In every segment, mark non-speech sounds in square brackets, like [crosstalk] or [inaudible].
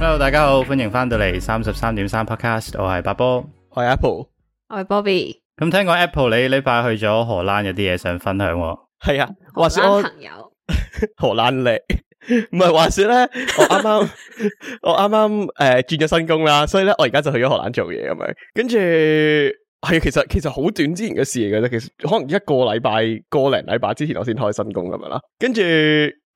hello，大家好，歡迎翻到嚟三十三點三 podcast，我係八波，我係 Apple，我係 Bobby。咁聽講 Apple 你呢排去咗荷蘭，有啲嘢想分享，哦。係啊，話說我朋友荷蘭嚟，唔係話說咧，我啱啱 [laughs] 我啱啱誒轉咗新工啦，所以咧我而家就去咗荷蘭做嘢咁樣。跟住係其實其實好短之前嘅事嚟嘅啫，其實可能一個禮拜個零禮拜之前我先開新工咁樣啦。跟住。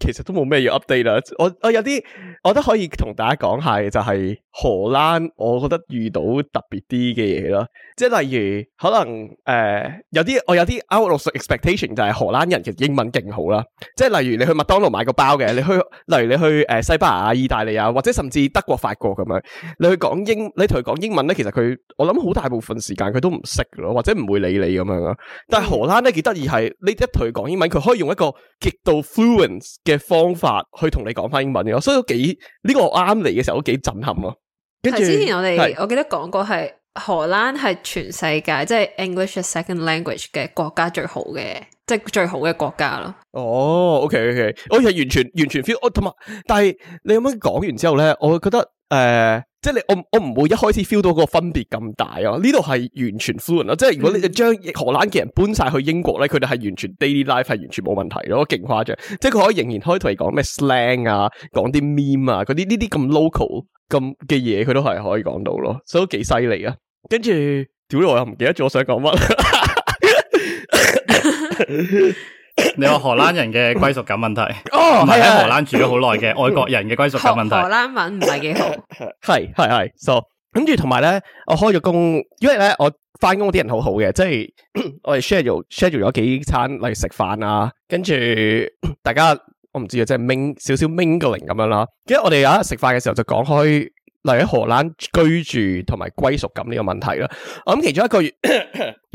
其實都冇咩要 update 啦，我我有啲，我覺得可以同大家講下嘅就係荷蘭，我覺得遇到特別啲嘅嘢咯，即係例如可能誒、呃、有啲我有啲 out of expectation 就係荷蘭人嘅英文勁好啦，即係例如你去麥當勞買個包嘅，你去例如你去誒、呃、西班牙啊、意大利啊，或者甚至德國、法國咁樣，你去講英，你同佢講，講英文咧，其實佢我諗好大部分時間佢都唔識咯，或者唔會理你咁樣啊，但係荷蘭咧幾得意係你一同佢講英文，佢可以用一個極度 fluence 嘅方法去同你講翻英文嘅，所以幾、這個、我幾呢個啱嚟嘅時候都幾震撼咯。跟住之前我哋是我記得講過係荷蘭係全世界即係 English second language 嘅國家最好嘅，即係最好嘅國家咯。哦，OK OK，我係完全完全 feel，我同埋，但係你咁樣講完之後咧，我會覺得誒。呃即係你我我唔會一開始 feel 到嗰個分別咁大啊，呢度係完全 fluent 啊，即係如果你就將荷蘭嘅人搬晒去英國咧，佢哋係完全 daily life 係完全冇問題咯，勁誇張，即係佢可以仍然開頭嚟講咩 slang 啊，講啲 meme 啊，嗰啲、呢啲咁 local 咁嘅嘢，佢都係可以講到咯，所以都幾犀利啊。跟住屌我又唔記得咗我想講乜。 [coughs] 你話荷蘭人嘅歸屬感問題，哦，唔係喺荷蘭住咗好耐嘅外國人嘅歸屬感問題，荷蘭文唔係幾好，係係係，so 跟住同埋咧，我開咗工，因為咧我返工嗰啲人好好嘅，即係 [coughs] 我哋 share 咗 share 咗幾餐嚟食飯啊，跟 [coughs] 住 [coughs] 大家我唔知啊，即係 ming 少少 mingling 咁樣啦，跟住我哋有一日食飯嘅時候就講開嚟喺荷蘭居住同埋歸屬感呢個問題啦，我諗其中一個原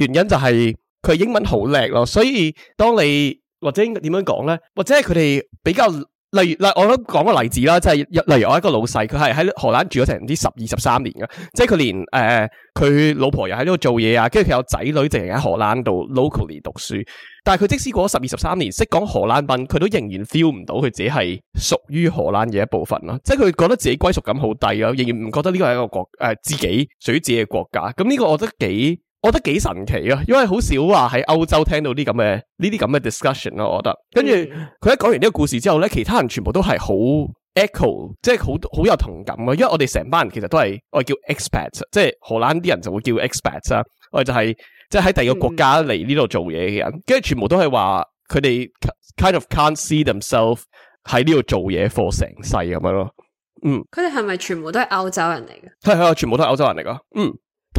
因就係、是。 [coughs] 佢英文好叻咯，所以當你或者點樣講咧，或者佢哋比較，例如嗱，我都講個例子啦，即係例如我一個老細，佢係喺荷蘭住咗成啲十二十三年嘅，即係佢連誒佢、呃、老婆又喺呢度做嘢啊，跟住佢有仔女淨係喺荷蘭度 locally 讀書，但係佢即使過咗十二十三年，識講荷蘭文，佢都仍然 feel 唔到佢自己係屬於荷蘭嘅一部分咯，即係佢覺得自己歸屬感好低咯，仍然唔覺得呢個係一個國誒、呃、自己屬於自己嘅國家，咁、嗯、呢、這個我覺得幾。我覺得幾神奇啊，因為好少話喺歐洲聽到啲咁嘅呢啲咁嘅 discussion 咯。我覺得，跟住佢一講完呢個故事之後咧，其他人全部都係好 echo，即係好好有同感啊。因為我哋成班人其實都係我哋叫 expats，即係荷蘭啲人就會叫 expats 啊、就是。我哋就係即係喺第二個國家嚟呢度做嘢嘅人，跟住、嗯、全部都係話佢哋 kind of can't see themselves 喺呢度做嘢，for 成世咁樣咯。嗯，佢哋係咪全部都係歐洲人嚟嘅？係係啊，全部都係歐洲人嚟噶。嗯。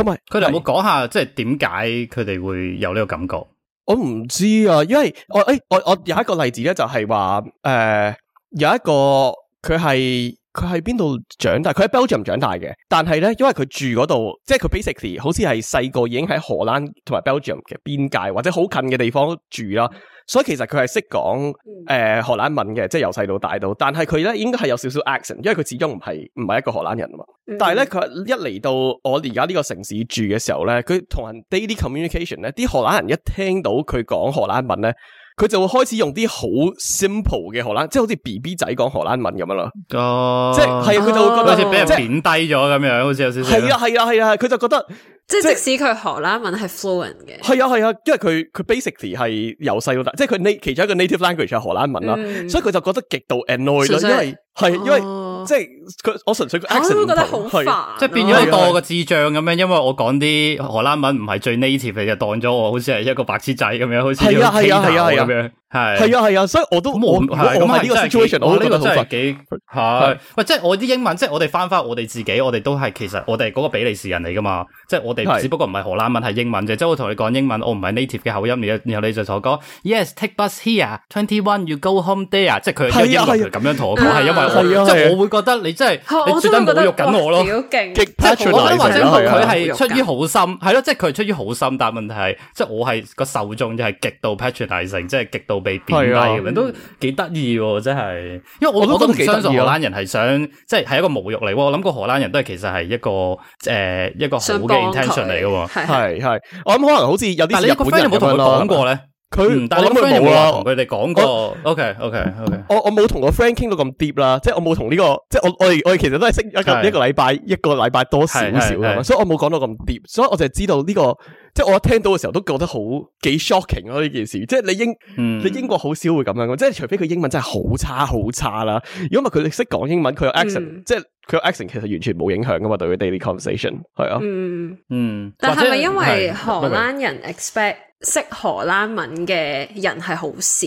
唔係，佢哋有冇講下是的 即係點解佢哋會有呢個感覺，我唔知啊，因為我，誒、欸、我我有一個例子咧，就係話，誒有一個佢係。佢喺邊度長大？佢喺 Belgium 長大嘅，但係咧，因為佢住嗰度，即係佢 basically 好似係細個已經喺荷蘭同埋 Belgium 嘅邊界或者好近嘅地方住啦，所以其實佢係識講誒荷蘭文嘅，即係由細到大到。但係佢咧應該係有少少 a c t i o n 因為佢始終唔係唔係一個荷蘭人啊嘛。嗯、但係咧，佢一嚟到我而家呢個城市住嘅時候咧，佢同人 daily communication 咧，啲荷蘭人一聽到佢講荷蘭文咧。佢就會開始用啲好 simple 嘅荷蘭，即係好似 BB 仔講荷蘭文咁樣咯。哦、oh,，即係係佢就會覺得好似俾人貶低咗咁樣，好似即有少少係啊係啊係啊，佢就覺得即係即使佢荷蘭文係 fluent 嘅，係啊係啊，啊，啊，啊，啊，因為佢佢 basically 係由細到大，即係佢 n 其中一個 native language 係荷蘭文啦，嗯、所以佢就覺得極度 annoyed 咯隨、啊，因為係因為。哦即係佢，我純粹吓，都覺得好煩啊。即係變咗當我個智障咁樣，因為我講啲荷蘭文唔係最 native，就當咗我好似係一個白痴仔咁樣，好似要黐住我咁樣。係係啊係啊，所以我都冇。咁係呢個 situation，我呢個真係幾係。喂，即係我啲英文，即係我哋翻翻我哋自己，我哋都係其實我哋嗰個比利時人嚟噶嘛。即係我哋只不過唔係荷蘭文係英文啫。即係我同你講英文，我唔係 native 嘅口音，然後你就坐講，yes take bus here twenty one you go home there。即係佢嘅嘢，佢咁樣同我講，係因為即係我會覺得你真係，你真係侮辱緊我咯，極 patronising，係咯，即係或者佢係出於好心，係咯，即係佢係出於好心，但係問題係，即係我係個受眾就係極度 patronising，即係極度。被貶低咁樣都幾得意喎，真係，因為我都我都唔相信荷蘭人係想，即係係一個侮辱嚟喎。我諗個荷蘭人都係其實係一個誒、呃、一個好嘅 intention 嚟嘅喎，係係，的我諗可能好似有啲事，但你個 friend 有冇同佢講過咧？佢唔他、嗯、我諗佢冇啊。同佢哋講過。O K O K O K。我我冇同個 friend 傾到咁 deep 啦，即係我冇同呢個，即係我我我其實都係識一個是一個禮拜一個禮拜多少少啦，所以我冇講到咁 deep，所以我就知道呢、這個，即係我一聽到嘅時候都覺得好幾 shocking 咯、啊、呢件事。即係你英、嗯、你英國好少會咁樣講，即係除非佢英文真係好差好差啦。如果唔係佢識講英文，佢有 accent 即係佢有 accent 其實完全冇影響噶嘛，對佢 daily conversation 係啊。嗯嗯。嗯但係咪因為荷蘭人 expect？、嗯識荷蘭文嘅人係好少，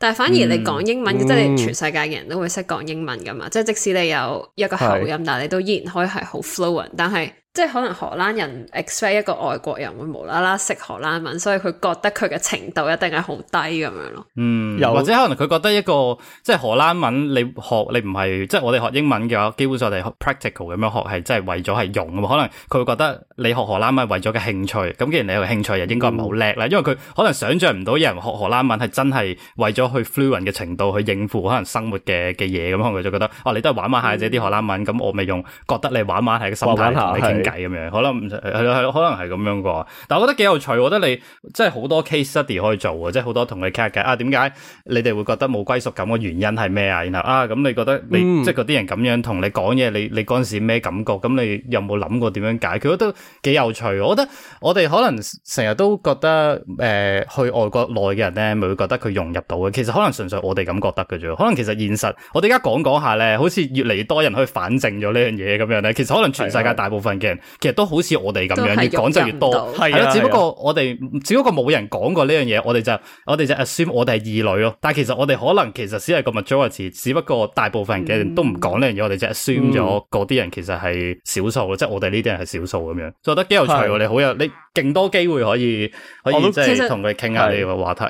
但係反而你講英文，即係、嗯、你全世界嘅人都會識講英文噶嘛，即係、嗯、即使你有一個口音，是但係你都依然可以係好 fluent，但係。即係可能荷蘭人 expect 一個外國人會無啦啦識荷蘭文，所以佢覺得佢嘅程度一定係好低咁樣咯。嗯，又有或者可能佢覺得一個即係荷蘭文你，你學你唔係即係我哋學英文嘅話，基本上我哋 practical 咁樣學係真係為咗係用。可能佢會覺得你學荷蘭文為咗嘅興趣，咁既然你有興趣，又應該唔係好叻啦。嗯、因為佢可能想象唔到有人學荷蘭文係真係為咗去 fluent 嘅程度去應付可能生活嘅嘅嘢，咁，佢就覺得哇、哦，你都係玩玩下啫啲荷蘭文，咁、嗯、我咪用覺得你玩玩下嘅心態計咁樣， [noise] 可能係咯，係咯，可能係咁樣啩。但係我覺得幾有趣，我覺得你即係好多 case study 可以做，即係好多同你傾下偈啊。點解你哋會覺得冇歸屬感嘅原因係咩啊？然後啊，咁、嗯啊、你覺得你即係嗰啲人咁樣同你講嘢，你你嗰陣時咩感覺？咁你有冇諗過點樣解佢覺得幾有趣。我覺得我哋可能成日都覺得誒、呃，去外國內嘅人咧，咪會覺得佢融入到嘅？其實可能純粹我哋咁覺得嘅啫。可能其實現實，我哋而家講講下咧，好似越嚟越多人去反證咗呢樣嘢咁樣咧。其實可能全世界大部分嘅。 [noise] 其實都好似我哋咁樣，越講就越多，係啊，只不過我哋，啊啊、只不過冇人講過呢樣嘢，我哋就，我哋就 assume 我哋係異類咯。但係其實我哋可能其實只係個 majority 只不過大部分人，嗯、人其實都唔講呢樣嘢，嗯、我哋就 assume 咗嗰啲人其實係少數即係我哋呢啲人係少數咁樣。覺得幾有趣我哋好有你，勁多機會可以可以即係同佢傾下呢個話題。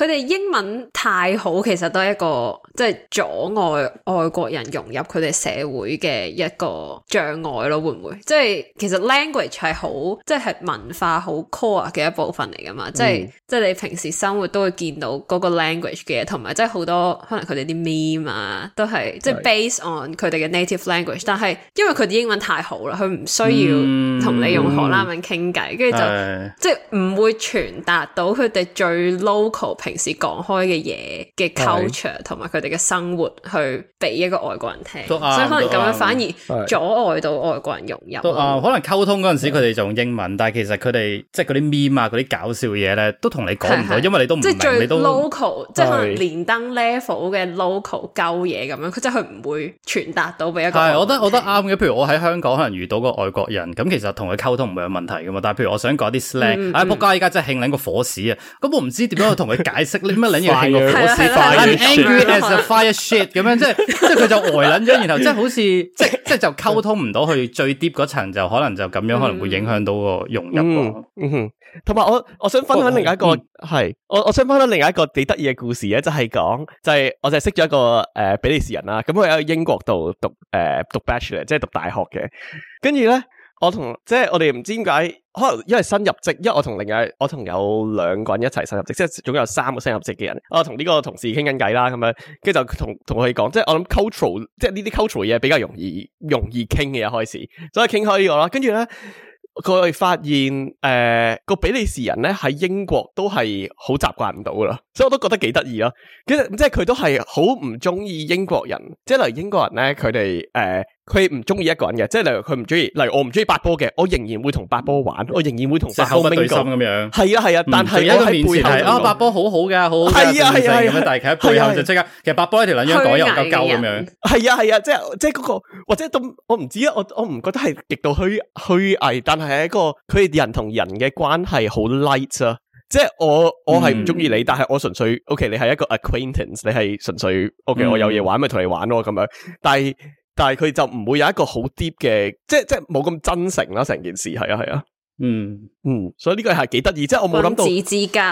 佢哋英文太好，其實都係一個即係阻礙外國人融入佢哋社會嘅一個障礙咯，會唔會？即係其實 language 係好，即係文化好 core 嘅一部分嚟噶嘛？嗯、即係即係你平時生活都會見到個 language 嘅，同埋即係好多可能佢哋啲 meme 啊，都係對 即係 base on 佢哋嘅 native language。但係因為佢哋英文太好啦，佢唔需要同你用荷蘭文傾偈，跟住、嗯、就對 即係唔會傳達到佢哋最 local 平時講開嘅嘢嘅 culture 同埋佢哋嘅生活，去俾一個外國人聽，所以可能咁樣反而阻礙到外國人融入。可能溝通嗰陣時佢哋就用英文，但係其實佢哋即係嗰啲 meme 啊、嗰啲搞笑嘢咧，都同你講唔到，因為你都唔即係最 local，即係可能連登 level 嘅 local 鳩嘢咁樣，佢真係唔會傳達到俾一個。係，我覺得我覺得啱嘅。譬如我喺香港可能遇到個外國人，咁其實同佢溝通唔會有問題噶嘛。但係譬如我想講啲 slang，哎仆街，依家真係慶領個火屎啊！咁我唔知點樣去同佢解。係識你乜撚嘢嘅 fire shit，咁樣即係即係佢就呆撚咗，然後即係好似 [laughs] 即即就溝通唔到去最 deep 嗰層，就可能就咁樣可能會影響到個融入咯。同埋、嗯嗯嗯、我我想分享另一個係我我、嗯、我，我想分享另一個幾得意嘅故事咧，就係、是、講就係、是、我就係識咗一個誒、呃、比利時人啦。咁佢喺英國度讀誒、呃、讀 Bachelor，即係讀大學嘅。跟住咧，我同即係我哋唔知點解。可能因為新入職，因為我同另外我同有兩個人一齊新入職，即係總共有三個新入職嘅人。我同呢個同事傾緊偈啦，咁樣，跟住就同同佢講，即係我諗 culture，即係呢啲 culture 嘢比較容易容易傾嘅一開始，所以傾開、這個、呢個啦。跟住咧，佢發現誒個、呃、比利時人咧喺英國都係好習慣唔到噶啦，所以我都覺得幾得意咯。跟住，即係佢都係好唔中意英國人，即係例如英國人咧，佢哋誒。呃佢唔中意一個人嘅，即係例如佢唔中意，例如我唔中意八波嘅，我仍然會同八波玩，我仍然會同八波明講。係啊係啊，但係因為喺背後，啊八波好好嘅，好好嘅，係啊係啊係啊，但係佢喺背後就即刻，其實八波一條捻樣袋又夠夠咁樣。係啊係啊，即係即係嗰個，或者咁，我唔知啊，我我唔覺得係極度虛虛偽，但係係一個佢哋人同人嘅關係好 light 啊，即係我我係唔中意你，但係我純粹，OK，你係一個 acquaintance，你係純粹，OK，我有嘢玩咪同你玩咯咁樣，但係。但係佢就唔會有一個好 deep 嘅，即係即係冇咁真誠啦，成件事係啊係啊，啊嗯嗯，所以呢個係幾得意，即係我冇諗到，自自教，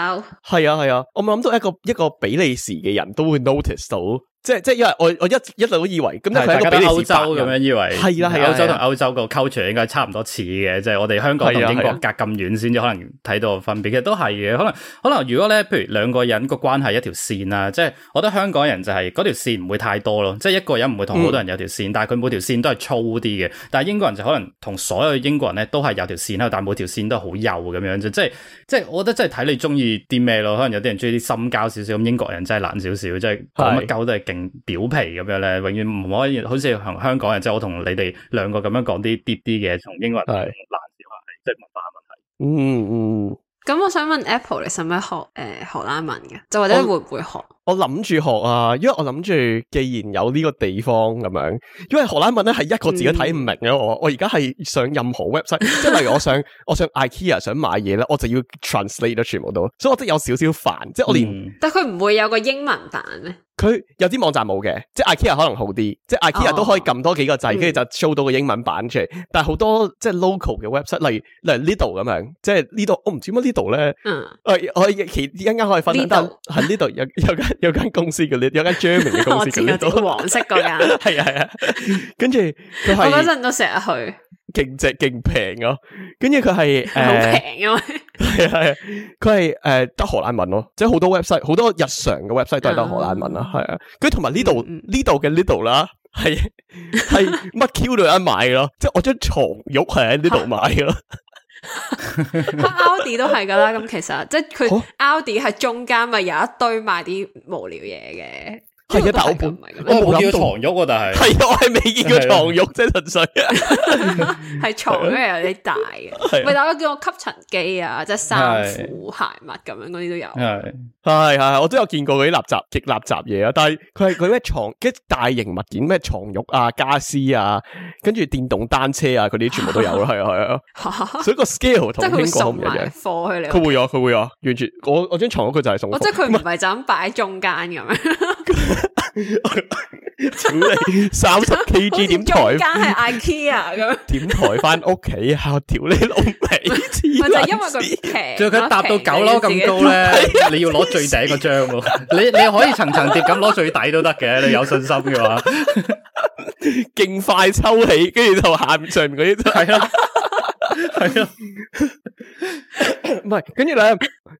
係啊係啊，我冇諗到一個一個比利時嘅人都會 notice 到。即係即係，因為我我一一路都以為咁，因為佢係一個歐洲咁樣以為，係啦係啦，歐洲同歐洲個 culture 應該差唔多似嘅，即係我哋香港同英國隔咁遠先至可能睇到分別。嘅、啊。啊、都係嘅，可能可能如果咧，譬如兩個人個關係一條線啦、啊，即係我覺得香港人就係嗰條線唔會太多咯，即係一個人唔會同好多人有條線，嗯、但係佢每條線都係粗啲嘅。但係英國人就可能同所有英國人咧都係有條線，但係每條線都係好幼咁樣啫。即係即係，我覺得即係睇你中意啲咩咯。可能有啲人中意啲深交少少，咁英國人真係懶少少，即係講乜鳩都係。表皮咁樣咧，永遠唔可以好似同香港人，即係我同你哋兩個咁樣講啲啲啲嘅，從英文難字啊，是即係文化問題。嗯嗯咁我想問 Apple，你使唔使學誒、呃、荷蘭文嘅？就或者會唔會學？我諗住學啊，因為我諗住既然有呢個地方咁樣，因為荷蘭文咧係一個字都睇唔明嘅。嗯、我我而家係上任何 website， [laughs] 即係例如我想，我上 IKEA 想買嘢咧，我就要 translate 咗全部都，所以我都有少少煩。即係我連、嗯、但佢唔會有個英文版咧？佢有啲網站冇嘅，即係 IKEA 可能好啲，即係 IKEA 都可以撳多幾個掣，跟住就 show 到個英文版出嚟。但係好多即係 local 嘅 website，例如例如呢度咁樣，即係呢度我唔知乜呢度咧。嗯，我我其啱啱可以分享，但係呢度有有間有間公司嘅呢，有間 German 嘅公司。嘅呢度，黃色嗰間。係啊係啊，跟住佢係我嗰陣都成日去，勁值勁平咯。跟住佢係誒。好平㗎。係係，佢係誒得荷蘭文咯，即係好多 website，好多日常嘅 website 都係得荷蘭文啦，係啊、嗯。佢同埋呢度呢度嘅呢度啦，係係乜 Q 都有得買噶？ [laughs] 即係我張床褥係喺呢度買噶。Aldi 都係噶啦，咁其實即係佢 Aldi 係中間咪有一堆賣啲無聊嘢嘅。係啲大好唔係，我冇見床褥，但係係我係未見過床褥，真係純粹係床咩有啲大嘅，咪大家叫我吸塵機啊，即係衫褲鞋襪咁樣嗰啲都有，係係係，我都有見過嗰啲垃圾極垃圾嘢啊！但係佢係佢咩床？佢大型物件咩床褥啊、家私啊，跟住電動單車啊，嗰啲全部都有咯，係啊係啊，所以個 scale 同香港嘅嘢，佢會有，佢會有。完全我我張床褥佢就係送，即係佢唔係就咁擺喺中間咁樣。屌你！三十 kg 點抬？中間係 IKEA 咁，點抬翻屋企？吓，屌你老味！咪就因為個奇，仲要佢達到九樓咁高咧，你要攞最頂個張咯。你你可以層層疊咁攞最底都得嘅，你有信心嘅話，勁快抽起，跟住就下面上面嗰啲，係啊，係啊，唔係，跟住咧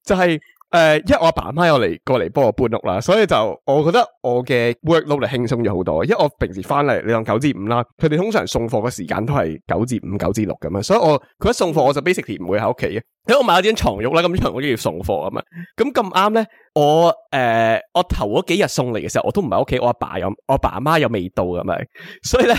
就係。誒，一、uh, 我阿爸阿媽又嚟過嚟幫我搬屋啦，所以就我覺得我嘅 work load 嚟輕鬆咗好多。因一我平時翻嚟你當九至五啦，佢哋通常送貨嘅時間都係九至五、九至六咁樣，所以我佢一送貨我就 basically 唔會喺屋企嘅。喺我買咗張床褥啦，咁我都要送貨啊嘛，咁咁啱咧，我誒、uh, 我頭嗰幾日送嚟嘅時候，我都唔喺屋企，我阿爸有我阿爸阿媽又未到咁樣，所以咧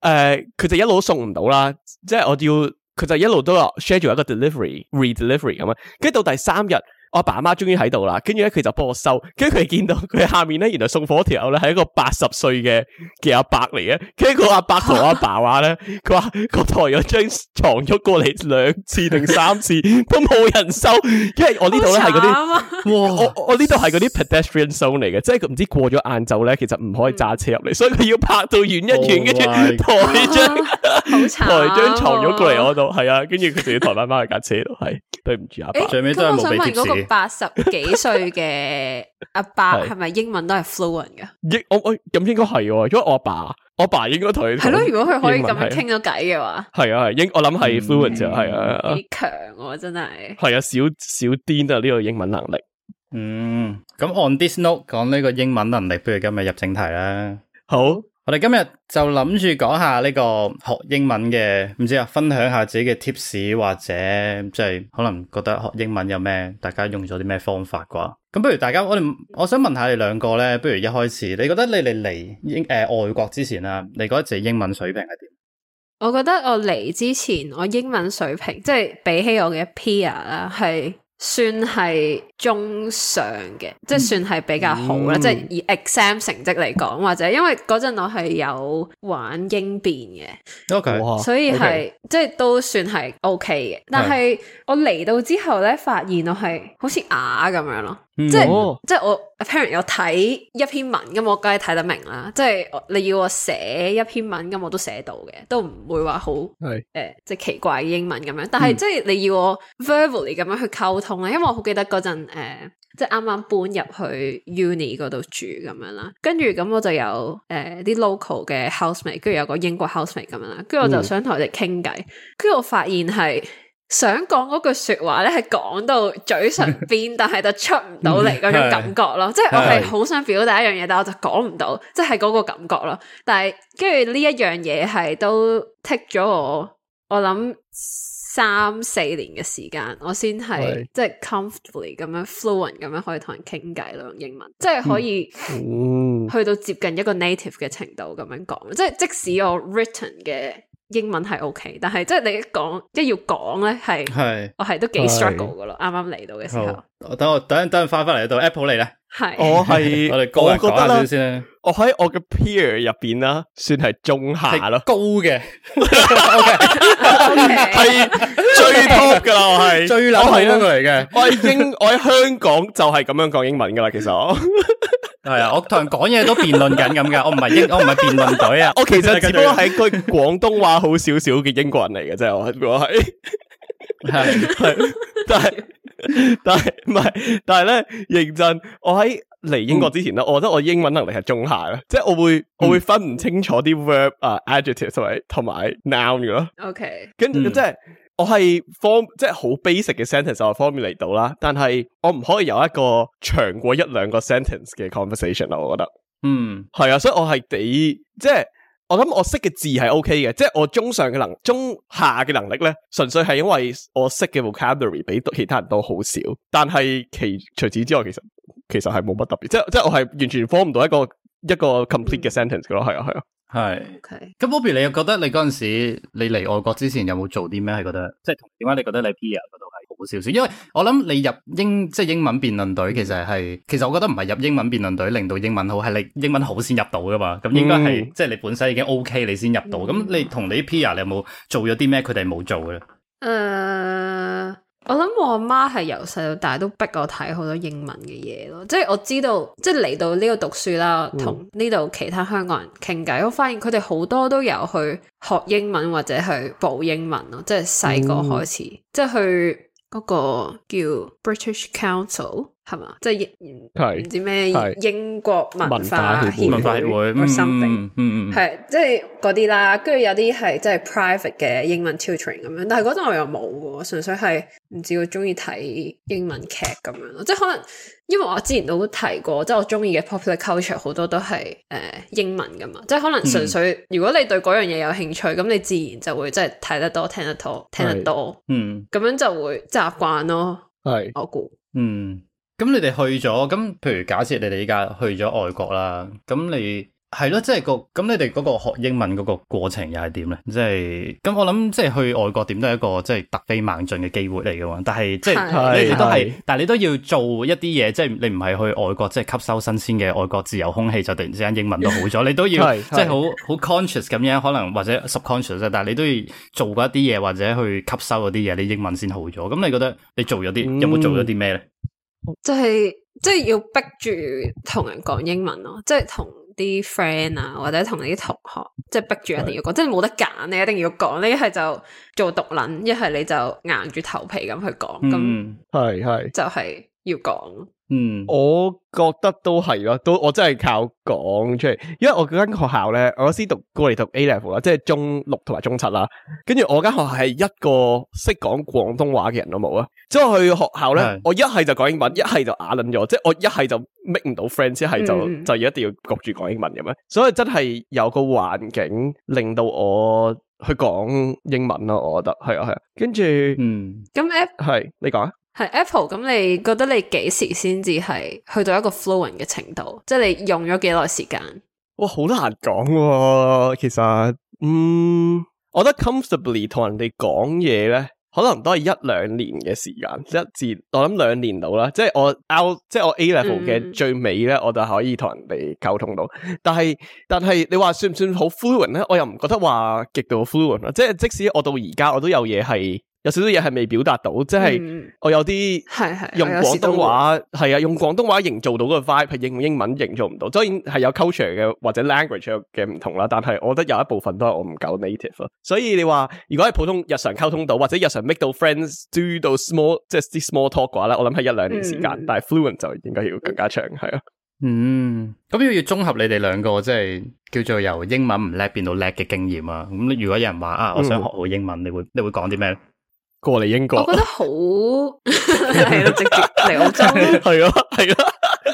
誒佢就一路送唔到啦，即係我要佢就一路都，都 schedule 住一個 delivery re delivery 咁啊，跟住到第三日。我阿爸阿媽終於喺度啦，跟住咧佢就幫我收，跟住佢見到佢下面咧，原來送貨條友咧係一個八十歲嘅嘅阿伯嚟嘅，跟住個阿伯同阿爸話咧，佢話佢抬咗張床褥過嚟兩次定三次都冇人收，因為我呢度咧係嗰啲，我我呢度係嗰啲 pedestrian zone 嚟嘅，即係佢唔知過咗晏晝咧，其實唔可以揸車入嚟，嗯、所以佢要拍到遠一遠嘅，抬張抬張床褥過嚟我度，係 [laughs] 啊，跟住佢就要抬翻翻去架車度，係 [laughs] 對唔住阿爸，最屘真係冇俾貼士。八十幾歲嘅阿爸係咪 [laughs] 英文都係 fluent 嘅？英我我咁應該係、啊，因為我阿爸，爸，我阿爸，爸應該睇係咯。 [laughs] 如果佢可以咁樣傾咗偈嘅話，係啊係英，我諗係 fluent okay, 啊，係啊，幾強啊真係。係啊，少少癲啊呢個英文能力。嗯，咁 on this note 講呢個英文能力，不如今日入正題啦。好。我哋今日就諗住講下呢個學英文嘅，唔知啊，分享下自己嘅 tips 或者，即係可能覺得學英文有咩，大家用咗啲咩方法啩？咁不如大家，我哋我想問下你兩個咧，不如一開始你覺得你嚟英誒外國之前啦，你嗰時英文水平係點？我覺得我嚟之前，我英文水平即係比起我嘅 peer 啊。係。算係中上嘅，即係算係比較好啦，嗯、即係以 exam 成績嚟講，或者因為嗰陣我係有玩英辯嘅，okay, 所以係 okay. 即係都算係 OK 嘅。但係我嚟到之後咧，發現我係好似啞咁樣咯。 [noise] 即係即係我 apparently 有睇一篇文咁，我梗係睇得明啦。即係你要我寫一篇文咁，我都寫到嘅，都唔會話好誒，即係奇怪嘅英文咁樣。但係、嗯、即係你要我 verbally 咁樣去溝通咧，因為我好記得嗰陣誒，即係啱啱搬入去 uni 嗰度住咁樣啦。跟住咁我就有誒啲、呃、local 嘅 housemate，跟住有個英國 housemate 咁樣啦。跟住我就想同佢哋傾偈，跟住、嗯、我發現係。想講嗰句話呢說話咧，係講到嘴唇邊， [laughs] 但係就出唔到嚟嗰種感覺咯。 [laughs] 嗯、是即係我係好想表達一樣嘢，是但我就講唔到，即係嗰個感覺咯。但係跟住呢一樣嘢係都 take 咗我，我諗三四年嘅時間，我先係即係是 comfortably 咁樣 fluent 咁樣可以同人傾偈咯，用英文即係是可以、哦、去到接近一個 native 嘅程度咁樣講。即係即使我 written 嘅。英文係 O K，但係即係你一講即係要講咧，係我係都幾 struggle 噶咯，啱啱嚟到嘅時候。我等我等等陣翻翻嚟到，Apple 嚟咧。係我係我哋高人寡少先。我喺我嘅 peer 入邊啦，算係中下咯，高嘅，係最 top 噶啦，我係我係咁嚟嘅，我係英我喺香港就係咁樣講英文噶啦，其實。係啊，我同人講嘢都辯論緊咁嘅。我唔係英，我唔係辯論隊啊，我其實只不過係句廣東話好少少嘅英國人嚟嘅啫，就是、我係是的，係 [laughs] 係， [laughs] 但係但係唔係，但係咧認真，我喺嚟英國之前咧，我覺得我英文能力係中下嘅，即、就、係、是、我會、嗯、我會分唔清楚啲 verb 啊、uh, adject、adjective 同埋同埋 noun 噶咯，OK，跟住即係。嗯就是我係 form 即係好 basic 嘅 sentence 就 formulate 到啦，但係我唔可以有一個長過一兩個 sentence 嘅 conversation 啦，我覺得，嗯，係啊，所以我係幾即係我諗我識嘅字係 OK 嘅，即係我中上嘅能中下嘅能力咧，純粹係因為我識嘅 vocabulary 比其他人都好少，但係其除此之外其實其實係冇乜特別，即係即係我係完全 form 唔到一個一個 complete 嘅 sentence 噶咯，係啊係啊。係，咁 Okay. Bobby，你又覺得你嗰陣時，你嚟外國之前有冇做啲咩？係覺得即係同點解你覺得你 peer 嗰度係好少少？因為我諗你入英即係英文辯論隊，其實係其實我覺得唔係入英文辯論隊令到英文好，係你英文好先入到㗎嘛。咁應該係、嗯、即係你本身已經 OK，你先入到。咁、嗯、你同你 peer，er，你有冇做咗啲咩？佢哋冇做嘅。誒、uh。我諗我阿媽係由細到大都逼我睇好多英文嘅嘢咯，即係我知道，即係嚟到呢度讀書啦，哦、同呢度其他香港人傾偈，我發現佢哋好多都有去學英文或者去補英文咯，即係細個開始，哦、即係去嗰個叫 British Council。係嘛？即係英唔知咩英國文化協會，心病，嗯嗯嗯，係即係嗰啲啦。跟住有啲係即係 private 嘅英文 tutoring 咁樣。但係嗰陣我又冇喎，純粹係唔知我中意睇英文劇咁樣咯。即係可能因為我之前都提過，即係我中意嘅 popular culture 好多都係誒英文噶嘛。即係可能純粹如果你對嗰樣嘢有興趣，咁你自然就會即係睇得多、聽得多、聽得多。嗯，咁樣就會習慣咯。係我估，嗯。咁你哋去咗，咁譬如假設你哋依家去咗外國啦，咁你係咯，即係個咁你哋嗰個學英文嗰個過程又係點咧？即係咁我諗，即係去外國點都係一個即係突飛猛進嘅機會嚟噶嘛。但係即係是你，你都係，是但係你都要做一啲嘢，即係是你唔係去外國即係、就是、吸收新鮮嘅外國自由空氣，就突然之間英文都好咗。你都要即係好好 conscious 咁樣，可能或者 subconscious 但係你都要做過一啲嘢或者去吸收嗰啲嘢，你英文先好咗。咁你覺得你做咗啲有冇做咗啲咩咧？嗯就係即係要逼住同人講英文咯，即係同啲 friend 啊，或者同你啲同學，即係逼住一定要講，即係冇得揀，你一定要講，你一係就做獨撚，一係你就硬住頭皮咁去講，咁係係就係、是。要講，嗯，我覺得都係咯，都我真係靠講出嚟，因為我嗰間學校咧，我先讀過嚟讀 A level 啦，即係中六同埋中七啦，跟住我間學校係一個識講廣東話嘅人都冇啊，即係去學校咧，是我一係就講英文，一係就啞捻咗，即係我一係就 make 唔到 friend，一係就、嗯、就要一定要焗住講英文咁樣，所以真係有個環境令到我去講英文咯，我覺得係啊係啊，跟住、啊，啊、嗯，咁係你講啊。係 Apple 咁，App le，你覺得你幾時先至係去到一個 flowing 嘅程度？即係你用咗幾耐時間？哇，好難講、啊。其實，嗯，我覺得 comfortably 同人哋講嘢咧，可能都係一兩年嘅時間，一至我諗兩年度啦。即係我 out，即係我，我 A level 嘅最尾咧，嗯、我就可以同人哋溝通到。但係，但係你話算唔算好 flowing 咧？我又唔覺得話極度 flowing。即係即使我到而家，我都有嘢係有少少嘢係未表達到，即係我有啲係係用廣東話係啊，用廣東話營造到嗰個 vibe 係用英文營造唔到，雖然係有 culture 嘅或者 language 嘅嘅唔同啦。但係我覺得有一部分都係我唔夠 native 啊。所以你話如果係普通日常溝通到或者日常 make 到 friends do 到 small 即係啲 small talk 嘅話咧，我諗係一兩年時間，嗯、但係 fluent 就應該要更加長係啊。嗯，咁要要綜合你哋兩個即係、就是、叫做由英文唔叻變到叻嘅經驗啊。咁如果有人話啊，我想學好英文，嗯、你會你會講啲咩？過嚟英國，我覺得好 [laughs] 直接嚟澳洲，係咯，係咯，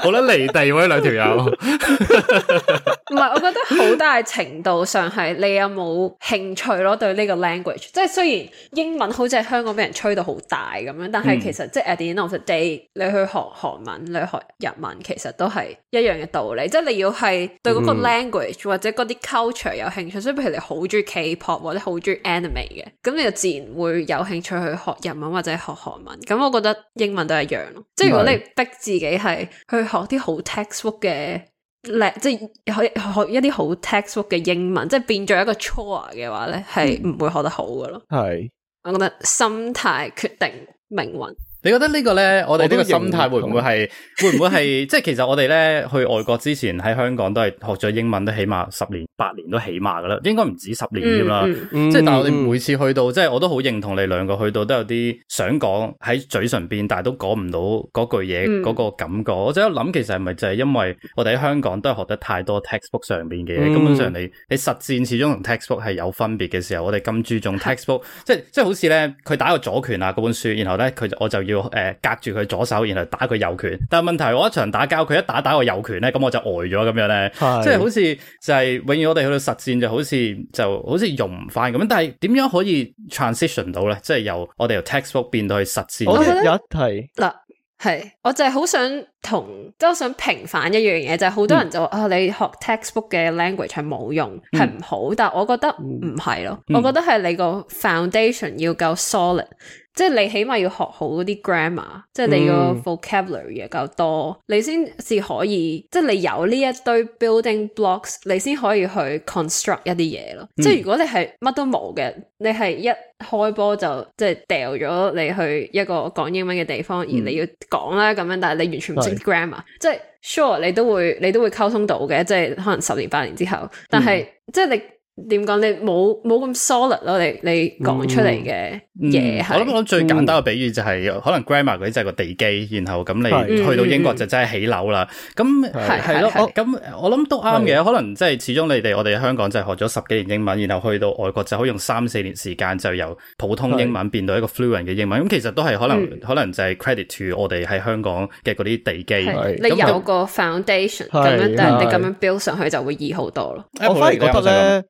好啦，離地兩條友。 [laughs] 唔係， [laughs] 我覺得好大程度上係你有冇興趣咯，對呢個 language，即係雖然英文好似喺香港俾人吹到好大咁樣，但係其實即係 at the end of the day，你去學韓文，你去學日文，其實都係一樣嘅道理。即係你要係對嗰個 language 或者嗰啲 culture 有興趣，所以譬如你好中意 K-pop 或者好中意 anime 嘅，咁你就自然會有興趣去學日文或者學韓文。咁我覺得英文都係一樣咯。即係如果你逼自己係去學啲好 textbook 嘅。即係學學一啲好 textbook 嘅英文，即係變咗一個 chore 嘅話咧，係唔會學得好噶咯。係是，我覺得心態決定命運。你覺得個呢個咧，我哋呢個心態會唔會係會唔會係？ [laughs] 即係其實我哋咧去外國之前喺香港都係學咗英文，都起碼十年八年都起碼噶啦，應該唔止十年添啦。即係、嗯嗯嗯、但係我哋每次去到，即、就、係、是、我都好認同你兩個去到都有啲想講喺嘴唇邊，但係都講唔到嗰句嘢，嗰、嗯、個感覺。我就有諗，其實係咪就係因為我哋喺香港都係學得太多 textbook 上邊嘅嘢，嗯、根本上你你實戰始終同 textbook 係有分別嘅時候，我哋咁注重 textbook、嗯、即係即係好似咧佢打個左拳啊，嗰本書，然後咧佢我就要。誒，隔住佢左手，然後打佢右拳。但係問題，我一場打交，佢一打打我右拳咧，咁我就呆咗咁樣咧，是即係好似就係永遠我哋去到實戰，就好似就好似用唔翻咁樣。但係點樣可以 transition 到咧？即係由我哋由 textbook 變到去實戰，我覺得有一題嗱，係我就係好想同即係我想平反一樣嘢，就係、是、好多人就話、嗯、啊，你學 textbook 嘅 language 係冇用，係唔好。嗯、但係我覺得唔係咯，嗯、我覺得係你個 foundation 要夠 solid。即係你起碼要學好嗰啲 grammar，即係你個 vocabulary 又夠多，嗯、你先至可以，即係你有呢一堆 building blocks，你先可以去 construct 一啲嘢咯。嗯、即係如果你係乜都冇嘅，你係一開波就即係掉咗你去一個講英文嘅地方，而你要講啦咁、嗯、樣，但係你完全唔識 grammar，是即係 sure 你都會你都會溝通到嘅，即係可能十年八年之後，但係、嗯、即係你。點講你冇冇咁 solid 咯，你你講出嚟嘅嘢，我諗最簡單嘅比喻就係可能 grammar 嗰啲就係個地基，然後咁你去到英國就真係起樓啦。咁係係咯，咁我諗都啱嘅。可能即係始終你哋我哋香港就係學咗十幾年英文，然後去到外國就可以用三四年時間就由普通英文變到一個 fluent 嘅英文。咁其實都係可能可能就係 credit to 我哋喺香港嘅嗰啲地基，你有個 foundation 咁樣，但係你咁樣 build 上去就會易好多咯。我反而覺得咧，